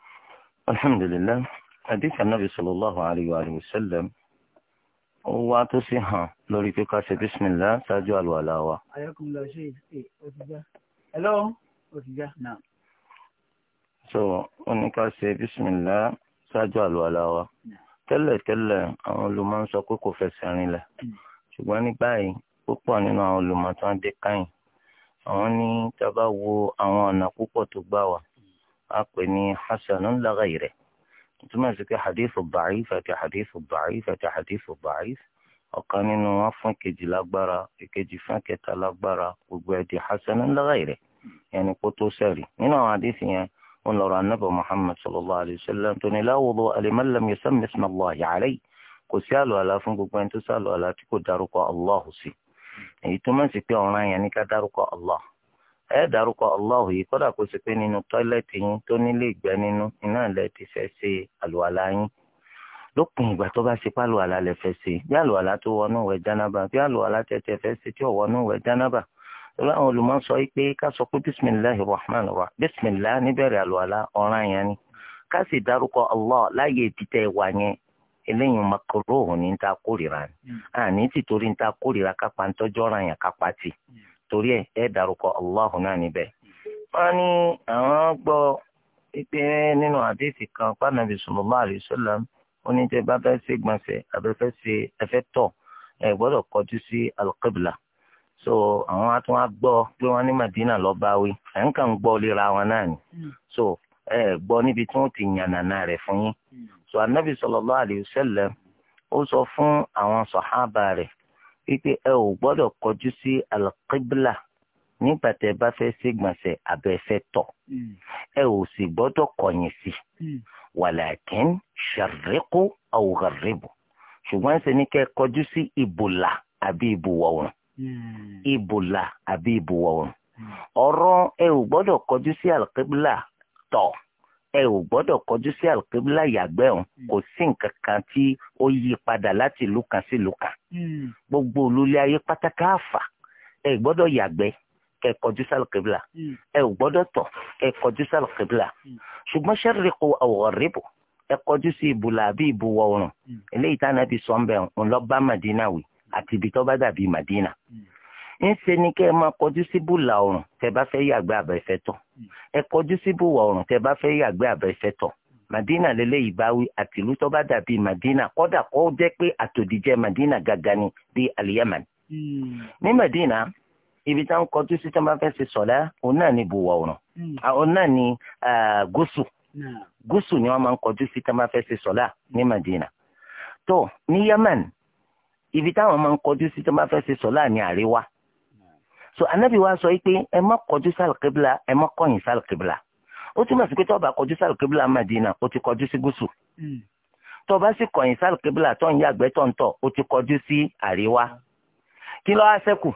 alhamdulilayi hadith anabi sallallahu alayhi wa sallam ó wá tó sì hàn lórí pé ṣe bísímìlá ṣáájú àlùwàlá wa. ayọkùn lọ ṣe é ó hello ó ti so ó ní ká ṣe bísímìlá ṣáájú àlùwàlá wa. Yeah tẹ́lẹ̀tẹ́lẹ̀ àwọn olùmọ̀ ń sọ pé kò fẹsẹ̀ rinlẹ̀ hmm. ṣùgbọ́n ní báyìí púpọ̀ nínú àwọn olùmọ̀ tó ń dé káyìn àwọn ní tábà wo àwọn ọ̀nà púpọ̀ tó gbà wá a pè ní hasanun la ghayri túmọ̀ sí pé hadith da'if àti hadith da'if àti hadith da'if ọ̀kan nínú wọn fún kejì lágbára ìkejì fún kẹta lágbára gbogbo ẹ̀ di hasanun la hmm. yẹn ni kó tó sẹ́rì nínú àwọn hadith yẹn òun lọ́rọ̀ anábọ̀ Muhammad sallallahu alayhi wa sallam tó ní la wudu'a liman lam yusammi isma Allahi alayhi kò sí àlùwàlá fún gbogbo ẹni tó sàlùwàlá tí kò dárúkọ Allahu sí èyí túmọ̀ sí pé ọ̀ràn yẹn ní ká dárúkọ Allah ẹ dárúkọ Allah yìí kódà kó sì pé nínú tọ́ílẹ̀tì yín tó nílé ìgbẹ́ nínú iná ilẹ̀ ti fẹ́ ṣe àlùwàlá yín lópin ìgbà tó bá ṣe pálùwàlá lẹ fẹ́ ṣe bí àlùwàlá tó wọnú wẹ̀ jánábà bí àlùwàlá tẹ̀tẹ̀ fẹ́ ṣe tí ò wọnú wẹ̀ jánábà láwọn olùmọ̀ sọ pé ká sọ pé bisimilahi rahman wa bisimilah níbẹ̀rẹ̀ àlùwàlá ọ̀ràn yẹn ni ká sì dárúkọ allah láàyè títẹ̀ wà yẹn eléyìí makoro òun ní ta kórìíra ni àní hmm. tìtorí ta kórìíra kápá ntọ́jọ́ ọ̀ràn yẹn kápá tì hmm. torí ẹ̀ ẹ̀ dárúkọ allah náà níbẹ̀. Hmm. wọ́n ní àwọn gbọ́ pé nínú àdéhìí kan pànàbí sallallahu alaihi wasallam oníjẹ bá fẹ́ ṣègbọ̀nsẹ̀ àbẹ́fẹ́ ṣe ẹfẹ́ tọ̀ ẹ̀ gbọ́dọ̀ kọjú sí alqibla so àwọn á tún á gbọ́ pé wọ́n ní Madina lọ bá wí ẹ̀ ń kàn ń gbọ́ léra wọn náà ni hmm. so ẹ gbọ́ níbi tí wọ́n ti yànnàna rẹ̀ fún yín hmm. so anabi sallallahu alayhi wa sallam ó sọ fún àwọn sọ̀hábà rẹ̀ wípé ẹ ò gbọ́dọ̀ kọjú sí alqibla nígbà tẹ bá fẹ́ ṣègbọ̀nsẹ̀ abẹ́fẹ́ tọ̀ hmm. ẹ ò sì gbọ́dọ̀ kọ̀yìn sí wàlàkín sharriqu aw gharribu ṣùgbọ́n ṣe ní kẹ́ kọjú sí ìbùlà àbí ìbùwọ̀ ibùlà hmm. àbí ibùwọ̀rùn hmm. ọ̀rọ̀ ẹ ò gbọ́dọ̀ kọjú sí alqibla tọ̀ ẹ ò gbọ́dọ̀ kọjú sí alqibla yàgbẹ́ ọ̀hún hmm. kò sí nǹkan kan tí ó yí padà láti ìlú kan sí ìlú kan gbogbo olólè ayé pátákà àfà ẹ gbọ́dọ̀ yàgbẹ́ kẹ kọjú sí alqibla ẹ ò gbọ́dọ̀ tọ̀ kẹ kọjú sí alqibla ṣùgbọ́n sharriqu aw gharribu ẹ kọjú sí ibùlà àbí ibùwọ̀rùn eléyìí tá àti ibi tó bá dàbí Madina hmm. ńṣe ni kẹ́ ẹ máa kọjú sí bùlà ọ̀rùn tẹ́ bá fẹ́ yàgbẹ́ àbẹ̀fẹ́ tọ̀ hmm. ẹ kọjú sí bùwà ọ̀rùn tẹ́ bá fẹ́ yàgbẹ́ àbẹ̀fẹ́ tọ̀ hmm. Madina lélẹ́yìí bá wí àtìlú tó bá dàbí Madina kọ́dà kọ́ jẹ́ pé àtòdìjẹ́ Madina gàgà ni bíi al Ni ní Madina ibi táwọn kọjú sí tí wọ́n bá fẹ́ ṣe sọ̀lá òun náà ni bùwà ọ̀rùn ah, òun náà ni ah, gúúsù gúúsù ni wọ́n máa ń kọjú sí tí bá fẹ́ ṣe sọ̀lá ní Madina tó ní Yaman ibi táwọn máa ń kọjú sí tó bá fẹ́ ṣe sọ́lá ní àríwá so anabi wa sọ pé ẹ má kọjú sálùkébìlà ẹ má kọ̀yìn sálùkébìlà ó túmọ̀ sí pé tó kọjú sálùkébìlà Madina ó ti kọjú sí gúúsù hmm. tó bá sì kọ̀yìn sálùkébìlà tó ń yàgbẹ́ tó ń tọ̀ ó ti kọjú sí àríwá kí ló wá ṣẹ́kù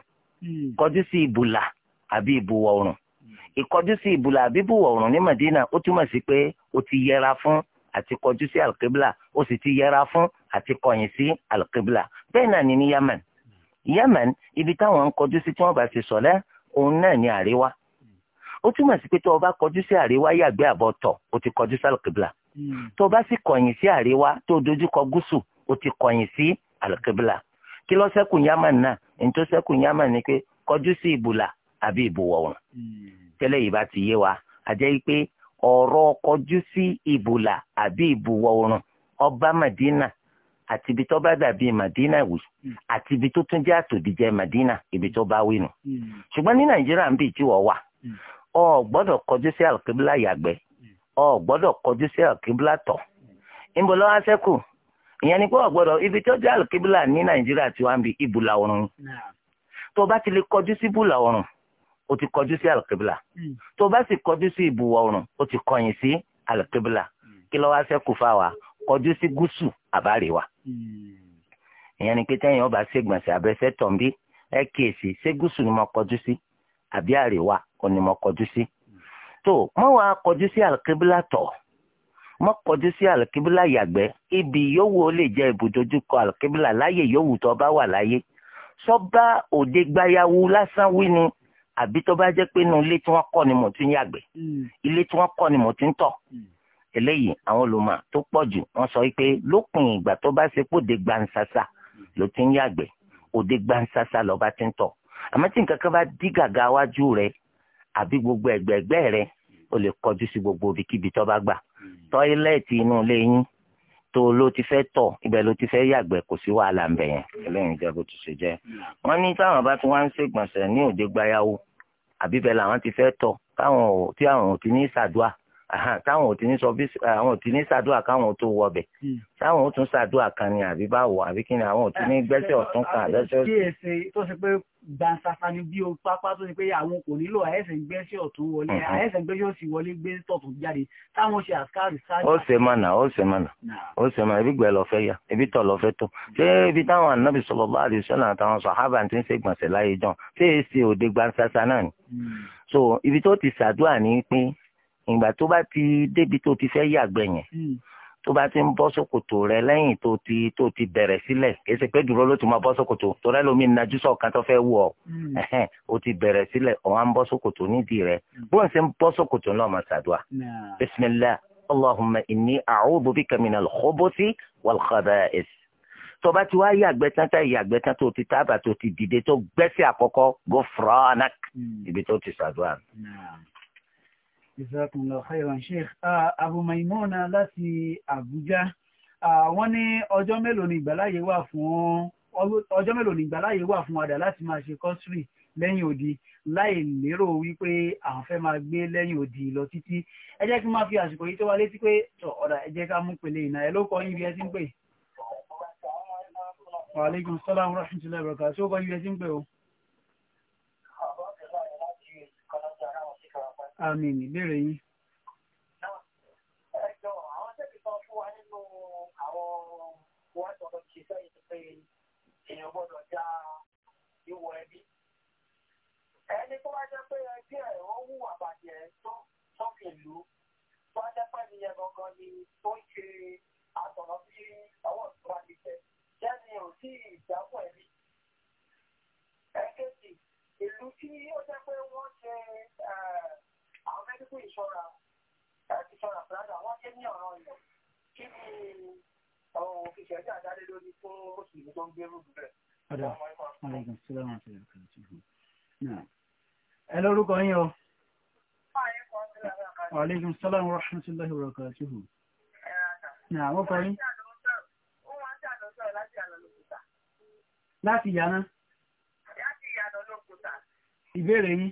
hmm. kọjú sí ìbùlà àbí ìbùwọ̀ oòrùn ìkọjú sí ìbùlà àbí ìbùwọ̀ oòrùn ní Madina ó túmọ̀ sí pé ó ti yẹra fún àti kọjú sí alkebla ó sì ti yẹra fún àti kọ̀yìn sí alqibla bẹ́ẹ̀ náà ni ní Yemen Yemen ibi táwọn ń kọjú sí tí wọ́n bá ti sọ̀lẹ́ òun náà ní àríwá ó túmọ̀ sí pé tó o bá kọjú sí àríwá yàgbé àbọ̀ tọ̀ o ti kọjú sí alqibla hmm. tó o bá sì kọ̀yìn sí àríwá tó o dojú kọ gúúsù o ti kọ̀yìn sí alqibla kí ló ṣẹ́kù Yemen náà ní tó ṣẹ́kù Yemen ni pé kọjú sí ìbùlà àbí ìbùwọ̀rùn hmm. tẹ́lẹ̀ yìí bá ti yé wa àjẹ́ pé ọ̀rọ̀ kọjú sí ìbùlà àbí ìbùwọ̀rùn ọba Madina àti ibi tó bá dàbí Madina àti ibi tó tún jẹ́ Madina ibi tó bá wì ṣùgbọ́n ní Nàìjíríà ń bì ọ gbọdọ kọjú sí alkibla ọ gbọdọ kọjú sí alkibla tọ̀ níbo lọ́wọ́ sẹ́kù ìyẹn ni pé ibi tó ní Nàìjíríà tí tó o ti kọjú sí tó bá sì kọjú o ti kọyìn sí kí lọ́wọ́ sẹ́kù kọjú sí gúúsù àbárèwá hmm. ìyẹn ni pé tẹ́yìn ọba ṣègbọ̀nsẹ̀ abẹ́sẹ̀ tàn bí ẹ kíyèsí ṣé gúúsù ni mo kọjú sí àbí àríwá ni mo kọjú sí hmm. tó mo wá kọjú sí àlùkébílà tọ̀ mo kọjú sí àlùkébílà yàgbẹ́ ibi yòówù ó lè jẹ́ ibùdójúkọ àlùkébílà láyè yòówù tó bá wà láyé sọ́ba òde gbayawu lásán wí ni àbí tó bá jẹ́ pé inú ilé tí wọ́n kọ́ ni mo ti ń yàgbẹ́ hmm. ilé tí wọ́n kọ́ ni mo ti ń tọ̀ eléyìí àwọn olùmọ̀ tó pọ̀ jù wọ́n sọ pé lópin ìgbà tó bá ṣe pòde gbansasa ló ti ń yàgbẹ́ òde gbansasa lọ́ba ti ń tọ̀ àmọ́ tí nǹkan kan bá dí gàgà wájú rẹ àbí gbogbo ẹ̀gbẹ́ẹ̀gbẹ́ rẹ o lè kọjú sí gbogbo ibikíbi tó bá gbà tọ́ílẹ̀tì inú ilé yín tó ló ti fẹ́ tọ̀ ibẹ̀ ló ti fẹ́ yàgbẹ́ kò sí wàhálà ń bẹ̀ yẹn eléyìí jẹ́ bó ti ṣe jẹ́ wọ́n ní táwọn bá ti wá ń ṣègbọ̀nsẹ̀ ní òde gbayàwó àbí bẹ́ẹ̀ làwọn ti fẹ́ tọ̀ tí àwọn ò ti ní ṣàdúà táwọn ò ti ní sọ bí eh, àwọn ò ti ní ṣàdúrà káwọn tó wọ ọbẹ̀ táwọn hmm. ò tún ṣàdúrà kan ni àbí báwo àbí kí ni àwọn ò ti ní gbẹ́sẹ̀ ọ̀tún kan eh, àbẹ́sẹ̀ ọ̀tún. kí ẹsẹ̀ tó ṣe pé gbansafa ni bí o pápá tó ṣe pé àwọn kò nílò àyẹ̀sẹ̀ gbẹ́sẹ̀ ọ̀tún wọlé mm-hmm. àyẹ̀sẹ̀ gbẹ́sẹ̀ òsì wọlé gbé tọ̀tún jáde táwọn ṣe àkárì sáájú. ó ṣe mọ̀nà ó ṣe mọ̀nà ó ṣe mọ̀nà ibi gbẹ lọ́fẹ́ yá ibi tọ̀ lọ́fẹ́ tó ṣé ibi táwọn anábì sallallahu alaihi wasallam àtàwọn sàhábà ti ń ṣe gbọ̀nsẹ̀ láyé jọ ṣé èsì òde gbansasa náà hmm. so ibi tó ti ṣàdúrà ní pín ìgbà tó bá ti débi tó ti fẹ́ yàgbẹ́ yẹn hmm. tó bá ti ń bọ́ sókòtò rẹ lẹ́yìn tó ti tó ti bẹ̀rẹ̀ sílẹ̀ kì í ṣe pé dúró ló ti máa bọ́ sókòtò tó rẹ́ lómi najú sọ̀kan tó fẹ́ wù ọ́ o hmm. ti bẹ̀rẹ̀ sílẹ̀ ọ̀hún à ń bọ́ sókòtò nídìí rẹ hmm. bó ń ṣe ń bọ́ sókòtò náà máa ṣàdúrà bisimilah allahumma inni a'udhu bika minal khubuthi wal khaba'is tó bá ti wá yàgbẹ́ tán tá yàgbẹ́ tán tó ti tábà tó ti dìde tó gbẹ́sẹ̀ àkọ́kọ́ gofranak ibi tó ti ṣàdúrà. Jazakumullahu khairan Sheikh ah, Abu Maimuna láti Àbújá ah, wọ́n ní ọjọ́ mélòó ni ìgbàláyé wà fún ọjọ́ mélòó ni ìgbàláyé wà fún adà láti máa ṣe kọ́sìrì lẹ́yìn odi láì lérò wípé àwọn fẹ́ máa gbé lẹ́yìn odi lọ títí ẹ jẹ́ kí n máa fi àsìkò yìí tó wá létí pé tọ̀ ọ̀dà ẹ jẹ́ ká mú pèlè ìnà ẹ̀ ló kọ́ yín bí ẹ ti ń pè. Wa alaikum salaam wa rahmatullahi wa barakatuh ṣé ó kọ́ yín bí ẹ ti ń pè o. àmì ìbéèrè yín. ẹjọ́ àwọn tẹ́lifí kan fún wa nínú àwọn wọ́n sọ̀rọ̀ ṣe sẹ́yìn pé èèyàn gbọ́dọ̀ já ìwọ ẹbí. ẹni tó bá jẹ́ pé ẹbí ẹ̀ ó hùwà bàjẹ́ sókè ìlú tó bá jẹ́ pé ẹnìyẹn gangan ni tó ń ṣe àtọ̀rọ̀ bí ọwọ́ tó bá ti tẹ̀ jẹ́ni ò sí ìjábọ̀ ẹbí. ẹ̀kejì ìlú tí ó jẹ́ pé wọ́n ṣe ẹ̀ fún ìṣọ́ra àti ìṣọ́ra fúlàdà wọ́n ṣe ní ọ̀ràn ilẹ̀ kí ni àwọn òfin ṣẹ̀dá dálé lórí fún mùsùlùmí tó ń gbé rúdú rẹ̀. ọ̀dà ọ̀lẹ́gùn sílẹ̀mù àti ìrìnkàn tí ó ẹ lórúkọ yín o. Aleykum salaam wa rahmatullahi wa barakatuhu. Ní àwọn ọkọ̀ yín. Láti Yànà. Láti Yànà lókùtà. Ìbéèrè yín.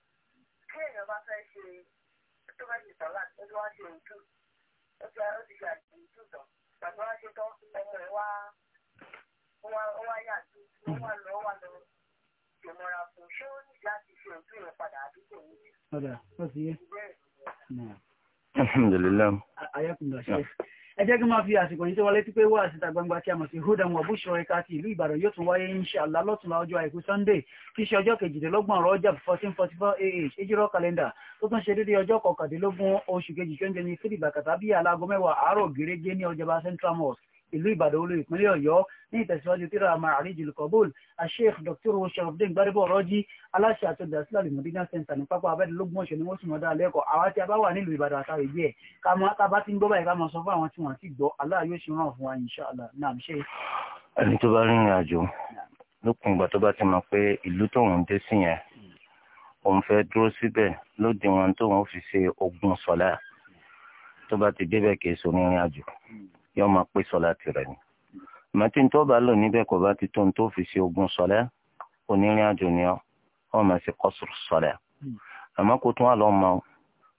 èèyàn bá fẹ́ ṣe tó fẹ́ ṣe tọ́lá ó ti wá ṣe ojú ó ti ó ti yà sí ojú tán bàbá wa ṣe tán ọmọ ẹ̀ wá ó wá yà sí ó wà lọ ó wà lọ ìmọ̀ra fún ṣé ó ní láti ṣe ojú rẹ̀ padà àdúgbò yìí. ọ̀dà ó ti yé. alhamdulilayi. ayakunle ṣe ẹ jẹ́ kí máa fi àsìkò yìí tó wọlé tí pé wá àsìta gbangba tí a mọ̀ sí hudan wabu ṣọ̀rẹ́ ká ti ìlú ìbàdàn yóò tún wáyé inṣàlá lọ́tùnlá ọjọ́ àìkú sunday tí ṣe ọjọ́ kejìdínlógún rọ́jà fourteen forty four ah ejirọ́ kàlẹ́ndà tó tún ṣe déédéé ọjọ́ kọkàndínlógún oṣù kejì twenty twenty three bàkàtà bíi alágọ́ mẹ́wàá àárọ̀ gẹ́rẹ́gẹ́ ní ọjọba central mosque ìlú ìbàdàn olú ìpínlẹ̀ ọ̀yọ́ ní ìtẹ̀síwájú tíra ma'arijul qabul asheikh dr sharafdin gbadebo rọ́jí aláṣẹ àtọ́jàsílẹ̀ alimọ̀dínà center ní pápá abẹ́dẹ́lógún ọ̀sẹ̀ ni wọ́n sì mọ̀ dáa lẹ́kọ̀ọ́ àwa tí a bá wà nílùú ìbàdàn àtàrí díẹ̀ ká bá ti ń gbọ́ báyìí ká máa sọ fún àwọn tí wọ́n ti gbọ́ aláà yóò ṣe ràn fún wa inshallah náà ṣe. ẹni tó bá rìnrìn àjò lókun ìgbà tó bá ti yóò máa pé sọláàtì rẹ̀ ni màtí tó bá lò níbẹ̀ kò bá ti tó tó fi ṣe ogún sọlá onírìn àjò ni ọ wọn máa ṣe kọsùrù sọlá hmm. àmọ́ kó tún wà lọ mọ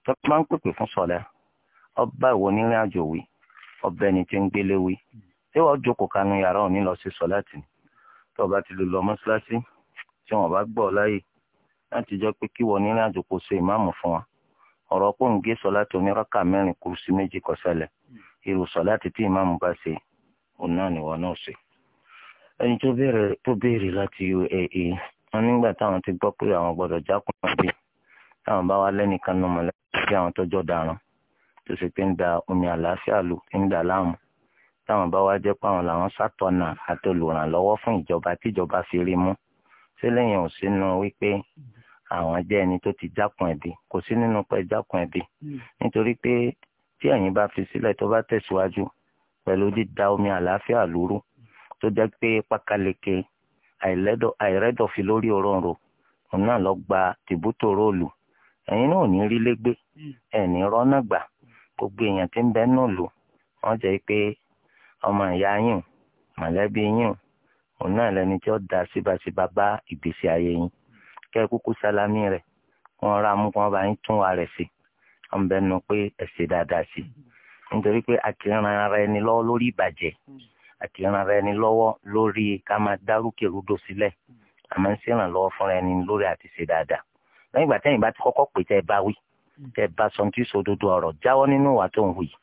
tó bá ń pèpè fún sọlá ọba ìwọ onírìn àjò wí ọbẹ ni ti ń gbélé wí ṣé wọn jókòó kanu yàrá òní lọ sí sọláàtì ni tó bá ti lò lọ mọ́ṣáláṣí tí wọn bá gbọ́ láàyè láti jọ pé kí wọn onírìn àjò kò ṣe ìmáàmù fún wa ọ̀rọ̀ kó sọlá tó ní rákà mẹ́rin kùrùsì méjì kọsẹlẹ irú sọ̀láàtì tí ìmáàmù bá ṣe òun náà nìwọ náà ṣe. ẹni tó béèrè tó béèrè láti UAE wọn nígbà táwọn ti gbọ́ pé àwọn gbọ́dọ̀ jákùn ọ̀bí táwọn bá wá lẹ́nìkan nù mọ̀lẹ́bí sí àwọn tọ́jọ́ darun tó ṣe pé ń da omi àlàáfíà lù ń dà láàmú táwọn bá wá jẹ́ pé àwọn làwọn sátọ̀nà àti olùrànlọ́wọ́ fún ìjọba tíjọba fi rí mú ṣé lẹ́yìn ò sínú wípé àwọn jẹ́ ẹni tó ti jákùn ẹ̀bí kò sí nínú pé jákùn ẹ̀bí hmm. nítorí pé tí ẹ̀yin bá fi sílẹ̀ tó bá tẹ̀síwájú pẹ̀lú dídá omi àlàáfíà lóru tó jẹ́ pé pákáleke àìrẹ́dọ̀ fi lórí òróǹro òun náà lọ gba tìbútò róòlù ẹ̀yin náà ò ní rí légbé ẹ̀ní rọ́nà gbà gbogbo èèyàn tí ń bẹ náà lò wọ́n jẹ́ pé ọmọ ìyá yín mọ̀lẹ́bí yín òun náà lẹni tí ó da síbàsíbà bá ìgbésí ayé yín kẹ́ kúkú sálámí rẹ̀ wọ́n rà mú kí wọ́n bá yín tún wa rẹ̀ sí i ń bẹ nu pé ẹ ṣe dáadáa sí i nítorí pé a kì í ran ara ẹni lọ́wọ́ lórí ìbàjẹ́ a kì í ran ara ẹni lọ́wọ́ lórí ká máa dárúkèrúdò sílẹ̀ àmọ́ ń ṣèrànlọ́wọ́ fúnra ẹni lórí àti ṣe dáadáa lẹ́yìn ìgbà tẹ́yìn bá ti kọ́kọ́ pè tẹ́ ẹ bá wí tẹ́ ẹ bá sọ tí sòdodo ọ̀rọ̀ jáwọ́ nínú ìwà tó ń hù yìí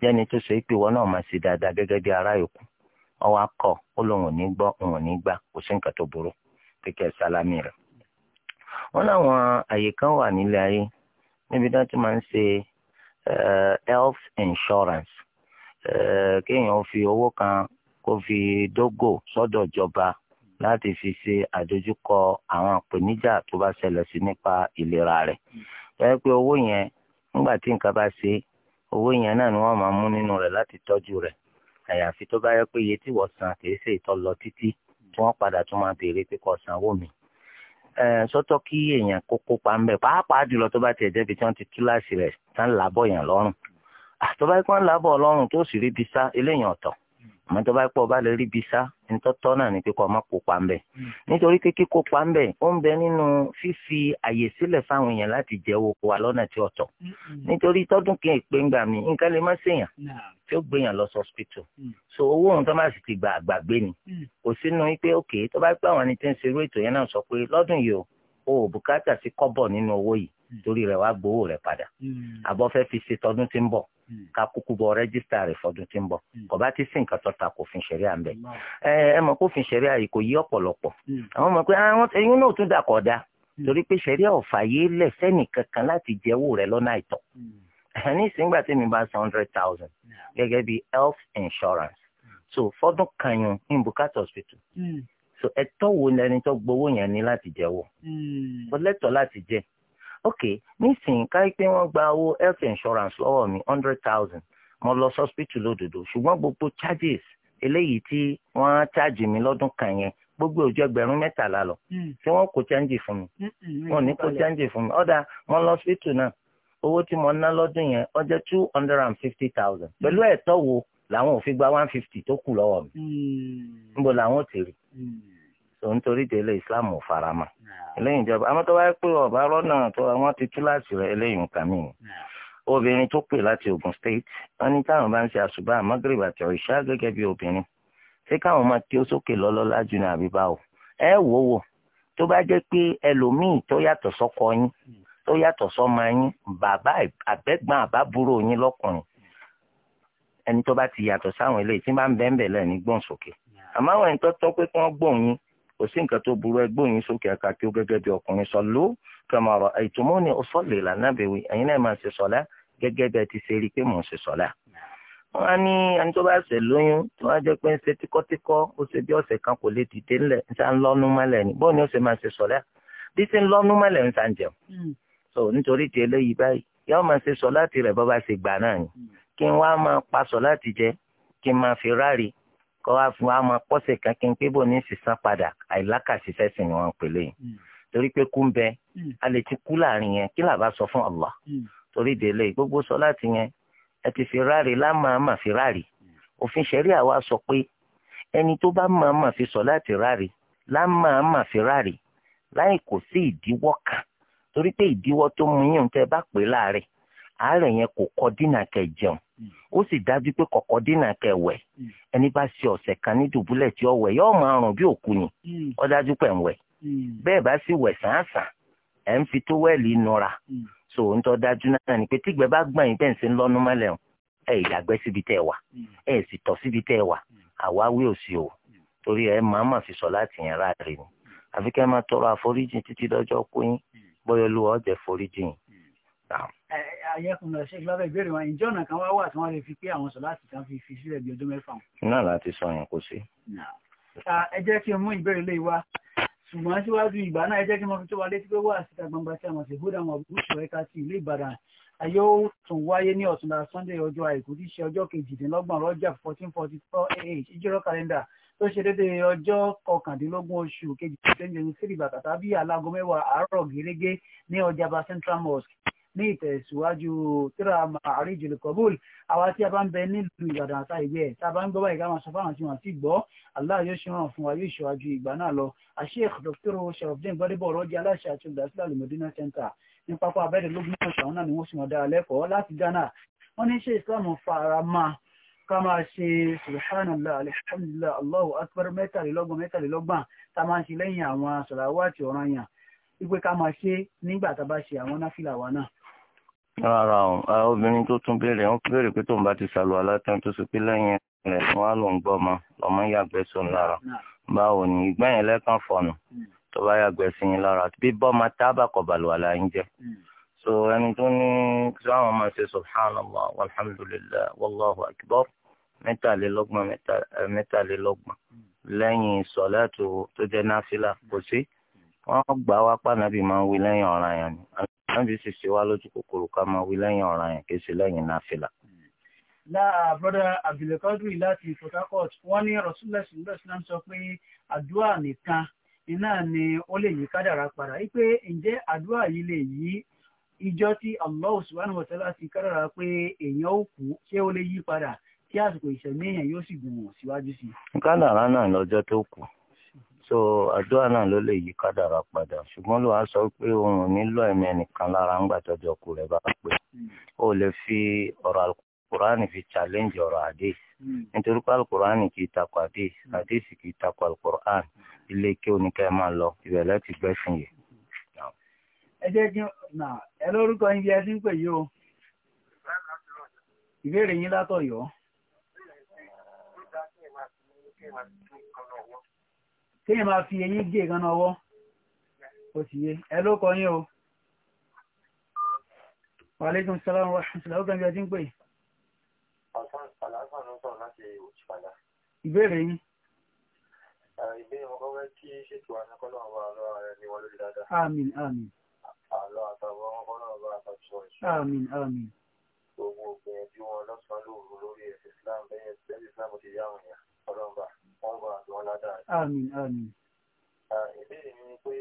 jẹ́ni tó ṣe pé ìwọ náà máa ṣe dáadáa gẹ́gẹ́ bí ará yòókù ọwọ́ akọ ó lóun ní gbọ́ òun ní gbà kò sí nǹkan tó burú pé sálámì rẹ̀ wọ́n láwọn àyè kan wà nílé ayé níbi tí wọ́n ti máa ń ṣe eh, health insurance eh, kéèyàn fi owó kan kó fi dógò sọ́dọ̀ ìjọba láti fi ṣe àdójúkọ àwọn àpèníjà tó bá ṣẹlẹ̀ sí nípa ìlera rẹ̀. bẹ́ẹ̀ pé owó yẹn nígbà tí nǹkan bá ṣe owó yẹn náà ni wọ́n máa mú nínú rẹ̀ láti tọ́jú rẹ̀ àyàfi tó bá yẹ pé iye tí wọ́n san kì í ṣe ìtọ́lọ títí tí wọ́n padà tún máa béèrè pé kò sanwó mi sọ́tọ̀ kí èèyàn kó kópa ń bẹ̀ pàápàá jùlọ tó bá tiẹ̀ jẹ́bi tí wọ́n ti tú láṣì rẹ̀ tán làbọ̀ yàn lọ́rùn àtọ́bá ikú wọn làbọ̀ lọ́rùn tó sì rí bisá eléyàn ọ̀tọ̀ àmọ́ tó bá pọ̀ bá lè rí ibi sá ntọ́tọ́ náà ni kíkọ́ ọmọ kópa ń bẹ̀. Hmm. nítorí pé kíkópa ń bẹ̀ ó ń bẹ nínú fífi àyè sílẹ̀ fáwọn èèyàn láti jẹ́wọ́ wa lọ́nà tí ọ̀tọ̀. Hmm. nítorí tọ́dún kí n pè ń gbà mí nǹkan lè má ṣèyàn tí ó gbéyàn lọ sọ́spítù. Hmm. so owó òun tó bá sì ti gbà àgbàgbé ni kò sínú pé òkè tó bá pẹ́ àwọn ẹni tí ń ṣerú ètò yẹn náà sọ pé lọ́dún yìí o ò bùkátà sí kọ́bọ̀ ka kúkú bọ rẹ́gísítà rẹ̀ fọdún tí ń bọ̀ hmm. kò bá ti sí nǹkan tó ta kò fin ṣẹ̀ríà ń bẹ̀. Hmm. ẹ mọ̀ kó fin ṣẹ̀ríà yìí kò yí ọ̀pọ̀lọpọ̀ hmm. àwọn mọ̀ pé ẹ̀yin ah, náà tún dà kọ̀ da torí pé ṣẹ̀ríà ò fàyè lẹ̀ sẹ́nì kankan láti jẹ́wọ́ rẹ̀ lọ́nà àìtọ́. ní ìsìngbà tí mi bá san hundred thousand gẹ́gẹ́ bí health insurance so fọdún kan yun in bukata hospital so ẹ̀tọ́ wo lẹni tó gbowó yẹn ní láti jẹ́wọ́ ó lẹ́tọ̀ọ́ láti jẹ́ ok nísìnyí káyí pé wọ́n gba owó health insurance lọ́wọ́ mi hundred thousand mo lọ sọ́spítù lódodo ṣùgbọ́n gbogbo charges eléyìí tí wọ́n á charge mi lọ́dún kan yẹn gbogbo òjò ẹgbẹ̀rún mẹ́tàlá lọ hmm. tí wọ́n kó change fún mi hmm, hmm, wọ́n ní kó change fún mi ọ̀dà mo lọ sọ́spítù náà owó tí mo ná lọ́dún yẹn ó jẹ́ two hundred and fifty thousand pẹ̀lú ẹ̀tọ́ wo làwọn ò fi gba one fifty tó kù lọ́wọ́ mi níbo làwọn ò ti rí tó ń torí délé islam ò fara mọ́ eléyìí ìjọba àmọ́ tó wáyé pé ọ̀bá rọ́nà tó àwọn ti tú láti rẹ eléyìí nǹkan mi obìnrin tó pè láti Ogun State wọn ní táwọn bá ń ṣe àṣùbà magreba àti ọ̀ṣà gẹ́gẹ́ bí obìnrin ṣé káwọn máa kí ó sókè lọ́lọ́lá jù ní àbíbá o ẹ wò wò tó bá jẹ́ pé ẹlòmíì tó yàtọ̀ sọ́kọ yín tó yàtọ̀ sọ́mọ yín bàbá àbẹ́gbọ́n àbábúrò yín lọ́kùnrin ẹni tó bá ti yàtọ̀ sáwọn eléyìí tí bá ń bẹ́ẹ̀ bẹ́ẹ̀ lẹ́ni gbọ̀n sókè àmọ́ àwọn ẹni tó tọ́ pé kí wọ́n gbọ̀n yín kò sí nǹkan tó burú ẹgbẹ́ yín sókè ẹ̀ka kí ó gẹ́gẹ́ bí ọkùnrin sallu kama ra'aytumuni usalli ila nabawi ẹ̀yin náà máa ṣe sọ̀lá gẹ́gẹ́ bí ẹ ti ṣe rí i pé mò ń ṣe sọ̀lá. wọ́n á ní ẹni tó bá ṣe lóyún tí wọ́n á jẹ́ pé ń ṣe tíkọ́tíkọ́ ó ṣe bí ọ̀sẹ̀ kan kò lè dìde ńlẹ̀ ń sá ń lọ́nú mọ́lẹ̀ ni bóun ni ó ṣe máa ṣe sọ̀lá bí ṣe ń lọ́nú mọ́lẹ̀ ń sá ń jẹun. Hmm. so nítorí ti eléyìí báyìí yóò máa ṣe sọ̀lá tirẹ̀ bọ́ bá ṣe gbà náà ni kí n wá máa pa sọ̀lá ti jẹ kí n máa fi ráre kọ́ wá fún wa máa pọ́sẹ̀ kan kí n pé bò ní sísan padà àìlákàsí fẹ́sìn ni wọ́n ń pèlè yìí hmm. torí pé kú ń bẹ hmm. a lè ti kú láàrin yẹn kí làbá sọ fún Allah hmm. torí délé gbogbo sọ láti yẹn ẹ ti fi ráre lámàmà fi ráre òfin ṣẹ̀rí àwa sọ pé ẹni tó bá màmá fi sọ láti ráre lámàmà fi ráre láì kò sí ìdíwọ́ kan torí pé ìdíwọ́ tó mú yín tẹ́ bá pè láàrẹ̀ àárẹ̀ yẹn kò kọ dínà kẹ́ jẹun ó sì dájú pé kọ̀kọ́ dínà kẹwẹ̀ ẹni bá ṣe ọ̀sẹ̀ kan ní dùbúlẹ̀ tí ó wẹ̀ yóò máa rùn bí òkú ni ó dájú pé ń wẹ̀ bẹ́ẹ̀ bá sì wẹ̀ sàǹsàn ẹ̀ ń fi tówẹ́ẹ̀lì nura so ń tọ́ dájú náà ni pé tígbẹ́ bá gbọ̀n yín bẹ́ẹ̀ ń ṣe ń lọ́nu mọ́lẹ̀ o ẹ̀ ìdàgbẹ́ síbi tẹ́ ẹ wà ẹ̀ sì tọ̀ síbi tẹ́ ẹ wà àwáwí ò sí o torí ẹ máa mà fi sọ láti yẹn ráàrin ni àfi kẹ́ máa tọrọ àforíjì títí lọ́jọ́ kú yín bóyá olúwa ọ̀jẹ̀ foríjì ayẹ́kùnrin ọ̀ṣẹ́ ìgbàfẹ́ ìbéèrè wọn ìjọ ọ̀nà kan wá wà tí wọ́n lè fi pé àwọn sọ láti kan fi fi sílẹ̀ bí ọdún mẹ́fà. náà láti sọ yẹn kò sí. ẹ jẹ́ kí n mú ìbéèrè lè wá ṣùgbọ́n síwájú ìgbà náà ẹ jẹ́ kí n mọ fi tó wa létí pé wà síta gbangba tí a mọ̀ sí bódà wọn gúúsù ẹ̀ka ti ìlú Ìbàdàn ayé ó tún wáyé ní ọ̀túnla Sunday ọjọ́ àìkú tí í ṣe ọjọ́ kejìdínlọ́gbọ̀n Rọ́jà fourteen forty four AH ìjírọ̀ kàlẹ́ndà tó ṣe déédéé ọjọ́ kọkàndínlógún oṣù kejì twenty twenty three bàtà tàbí alágo mẹ́wàá àárọ̀ gẹ́gẹ́ ní ọjà bá Central Mosque ní ìtẹ̀síwájú tíra Ma'arijul Qabul àwa tí a bá ń bẹ nílùú Ìbàdàn àtà ìgbẹ́ tá a bá ń gbọ́ báyìí ká máa sọ fáwọn tí wọ́n ti gbọ́ Allah yóò ṣe ràn fún wa yóò ṣèwájú ìgbà náà lọ Sheikh Dr. Sharafdin Gbadebo Ọ̀rọ̀jì aláṣẹ àti olùdásílẹ̀ Al-Medina Center ní pápá abẹ́rẹ́ lógún náà ṣàwọn náà ni wọ́n sì mọ̀ dára lẹ́kọ̀ọ́ láti Ghana wọ́n ní ṣe Islam fara máa kama ṣe subhanallah alhamdulillah allahu akbar mẹ́tàlélọ́gbọ̀n mẹ́tàlélọ́gbọ̀n ta máa ṣe lẹ́yìn àwọn sọ̀ràwá àti ọ̀ranyàn wípé ká máa ṣe nígbà tá a bá ṣe àwọn náfìlà wa náà rárá o obìnrin tó tún béèrè ń béèrè pé tóun bá ti sàlù alátán tó sì pé lẹ́yìn rẹ̀ wọ́n á lò ń gbọ́ ọmọ ọmọ yàgbẹ́ sóun lára báwo ni ìgbà yẹn lẹ́kàn fọ̀nù tó bá yàgbẹ́ sí yín lára bí bọ́ọ̀mà tábà kọ̀ bàlùwà là ń jẹ́ so ẹni tó ní tí àwọn máa ṣe subhanallah walhamdulillah wallahu akbar mẹ́tàlélọ́gbọ̀n mẹ́tàlélọ́gbọ̀n lẹ́yìn sọ̀lẹ́tù tó jẹ́ náfìlà kò sí wọ́n gbà wá pànàbí máa ń wí lẹ́yìn ọ̀ranyàn ni ànábì sì ṣe lójú kòkòrò ká máa wí lẹ́yìn anya yẹn kì í ṣe lẹ́yìn náfìlà. láà hmm. uh, brother abdulkadri láti port harcourt wọ́n ní rasulillah sallallahu alaihi sọ pé àdúrà nìkan iná ni ó lè yí kádàrá padà wípé ǹjẹ́ àdúrà yìí lè yí ìjọ tí allah subhanahu wa ta'ala ti kádàrá pé èèyàn kú ṣé ó lè yí padà àsìkò yóò sì síwájú náà lọ́jọ́ tó so àdúrà náà ló lè yí kádàrà padà ṣùgbọ́n ló sọ pé òun ò ẹ̀mí ẹnìkan lára ń gbàtọ́jú ọkù rẹ̀ bá pé ó lè fi ọ̀rọ̀ alukur'ani fi challenge ọ̀rọ̀ hadith nítorí pé alukur'ani kì í takò hadith hadith kì í ilé lọ ti ẹ jẹ́ kí ẹ lórúkọ yín tí yẹn máa fi eyín gé ìran ọwọ́ ó ti yé ẹ ló kọ yín o wàlẹ́gùn sálọ́run rahmatullahi ó gbẹ̀mí ọdún pé ìbéèrè yín ìbéèrè wọn kọ́kọ́ kí ṣètò àníkọ́lọ́ àwọn àlọ́ rẹ̀ ní wọlé dáadáa àmín àmín àlọ́ àtàwọn ọmọkọ́lọ́ àwọn àtàwọn ìṣọ́ àmín àmín gbogbo ògbìyànjú wọn lọ́sàn-án lóru lórí ẹ̀sìn Islam bẹ́yẹn Islam ti yá wọn yà ọlọ́mbà wọ́n gbà àti wọn ládàá. àmín àmín. ìbéèrè ni pé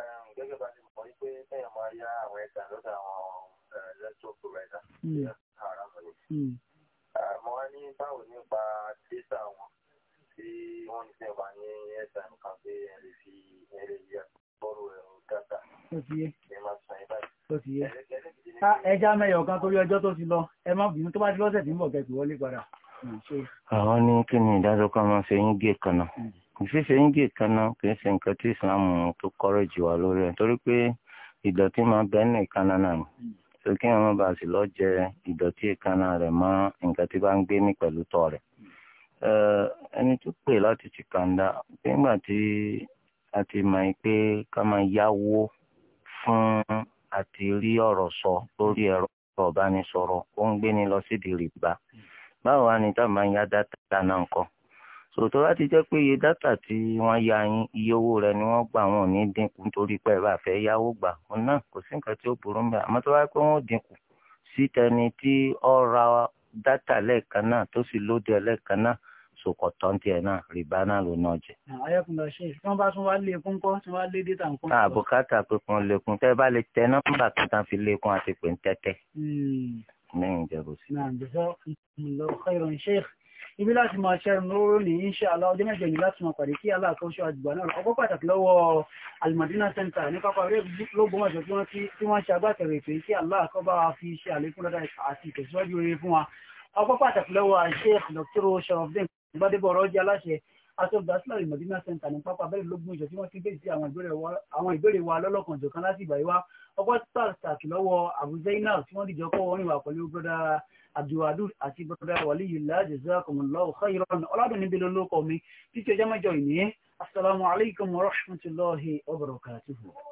eh, gẹ́gẹ́ bá ti mọ̀ wípé kéèyàn máa yá àwọn ẹ̀ka lọ́dọ̀ àwọn eh, electro provider hmm. ara wọn ni. Hmm. Ah, mo wá ní báwo nípa data wọn tí wọ́n ní sẹ́wà ní ẹ̀ka nǹkan pé ẹ lè fi ẹ̀rẹ̀ yẹ bọ́ọ̀lù ẹ̀rọ data. ẹ máa sàn ẹ báyìí. tó ti yé ẹja mẹ́yọ̀ kan torí ọjọ́ tó ti lọ ẹ má bínú tó bá ti lọ́sẹ̀ wọlé padà. àwọn ní kí ni ìdájọ́ máa ṣe gé kan náà gé kan náà kì í ṣe nǹkan tó kọ́rọ̀ pé ìdọ̀tí máa bẹ́ẹ̀ ní ìkànnà náà ni so kí wọn bá sì lọ jẹ ìdọ̀tí àti rí ọ̀rọ̀ sọ lórí ẹ̀rọ ọ̀bánisọ̀rọ̀ ó ń gbéni lọ sídìí rìbá báwo wá ni táwọn máa ń ya dátà náà kọ́ sòtò bá ti jẹ́ pé iye dátà tí wọ́n ya yín iye owó rẹ̀ ni wọ́n gbà wọn ò ní dínkù nítorí pé ẹ bá fẹ́ yáwó gbà òun náà kò sí nǹkan tí ó burú mbẹ àmọ́ tó bá pé wọ́n dínkù sí tẹni tí ó ra dátà lẹ́ẹ̀kan náà tó sì lóde lẹ́ẹ̀kan náà sokọtọ ń tiẹ̀ náà rìbá náà ló náà jẹ. ayọkùnrin ọ̀sẹ̀ tí wọ́n bá tún wá lékún kọ́ tí wọ́n á lé dẹ́ta nǹkan. àbùkátà pé kí wọ́n lékún tẹ́ ẹ bá lè tẹ nọ́mbà tó tán fi lékún àti pé ń tẹ́tẹ́. lẹ́yìn hmm. ìjẹ́bù sí. ibi láti máa ṣẹ́rin lóró ní inṣàlá ọjọ́ mẹ́jọ yìí láti máa pàdé kí aláàkóso àgbà náà ọkọ̀ pàtàkì lọ́wọ́ alimadina center ní pápá rẹ̀ lógbómọ̀ṣọ́ tí wọ́n ṣe agbátẹrù ètò yìí kí aláàkọ́ bá fi ṣe àlékún lọ́dà àti ìtẹ̀síwájú rere fún wa ọgbọ́ pàtàkì lọ́wọ́ Sheikh Dr. Sharafdin ìbádébọ̀ ọ̀rọ̀ jẹ́ aláṣẹ asọ́gbà sílẹ̀ ìmọ̀dínà sẹ́ńtà ní pápá abẹ́rẹ́ lógún ìjọ tí wọ́n ti gbé sí àwọn ìbéèrè wa lọ́lọ́kan ìjọ̀kan láti ìgbà yíwá ọgbọ́n pàtàkì lọ́wọ́ àbúzẹ́ínà tí wọ́n dìjọ kọ́ orin wà pẹ̀lú broda abdulwadud àti broda waliyullah jazakumullahu khairan ọlọ́dún níbi lọ́lọ́kọ̀ mi títí ọjọ́ mẹ́jọ ìní assalamu alaikum wa rahmatullahi wa barakatuhu.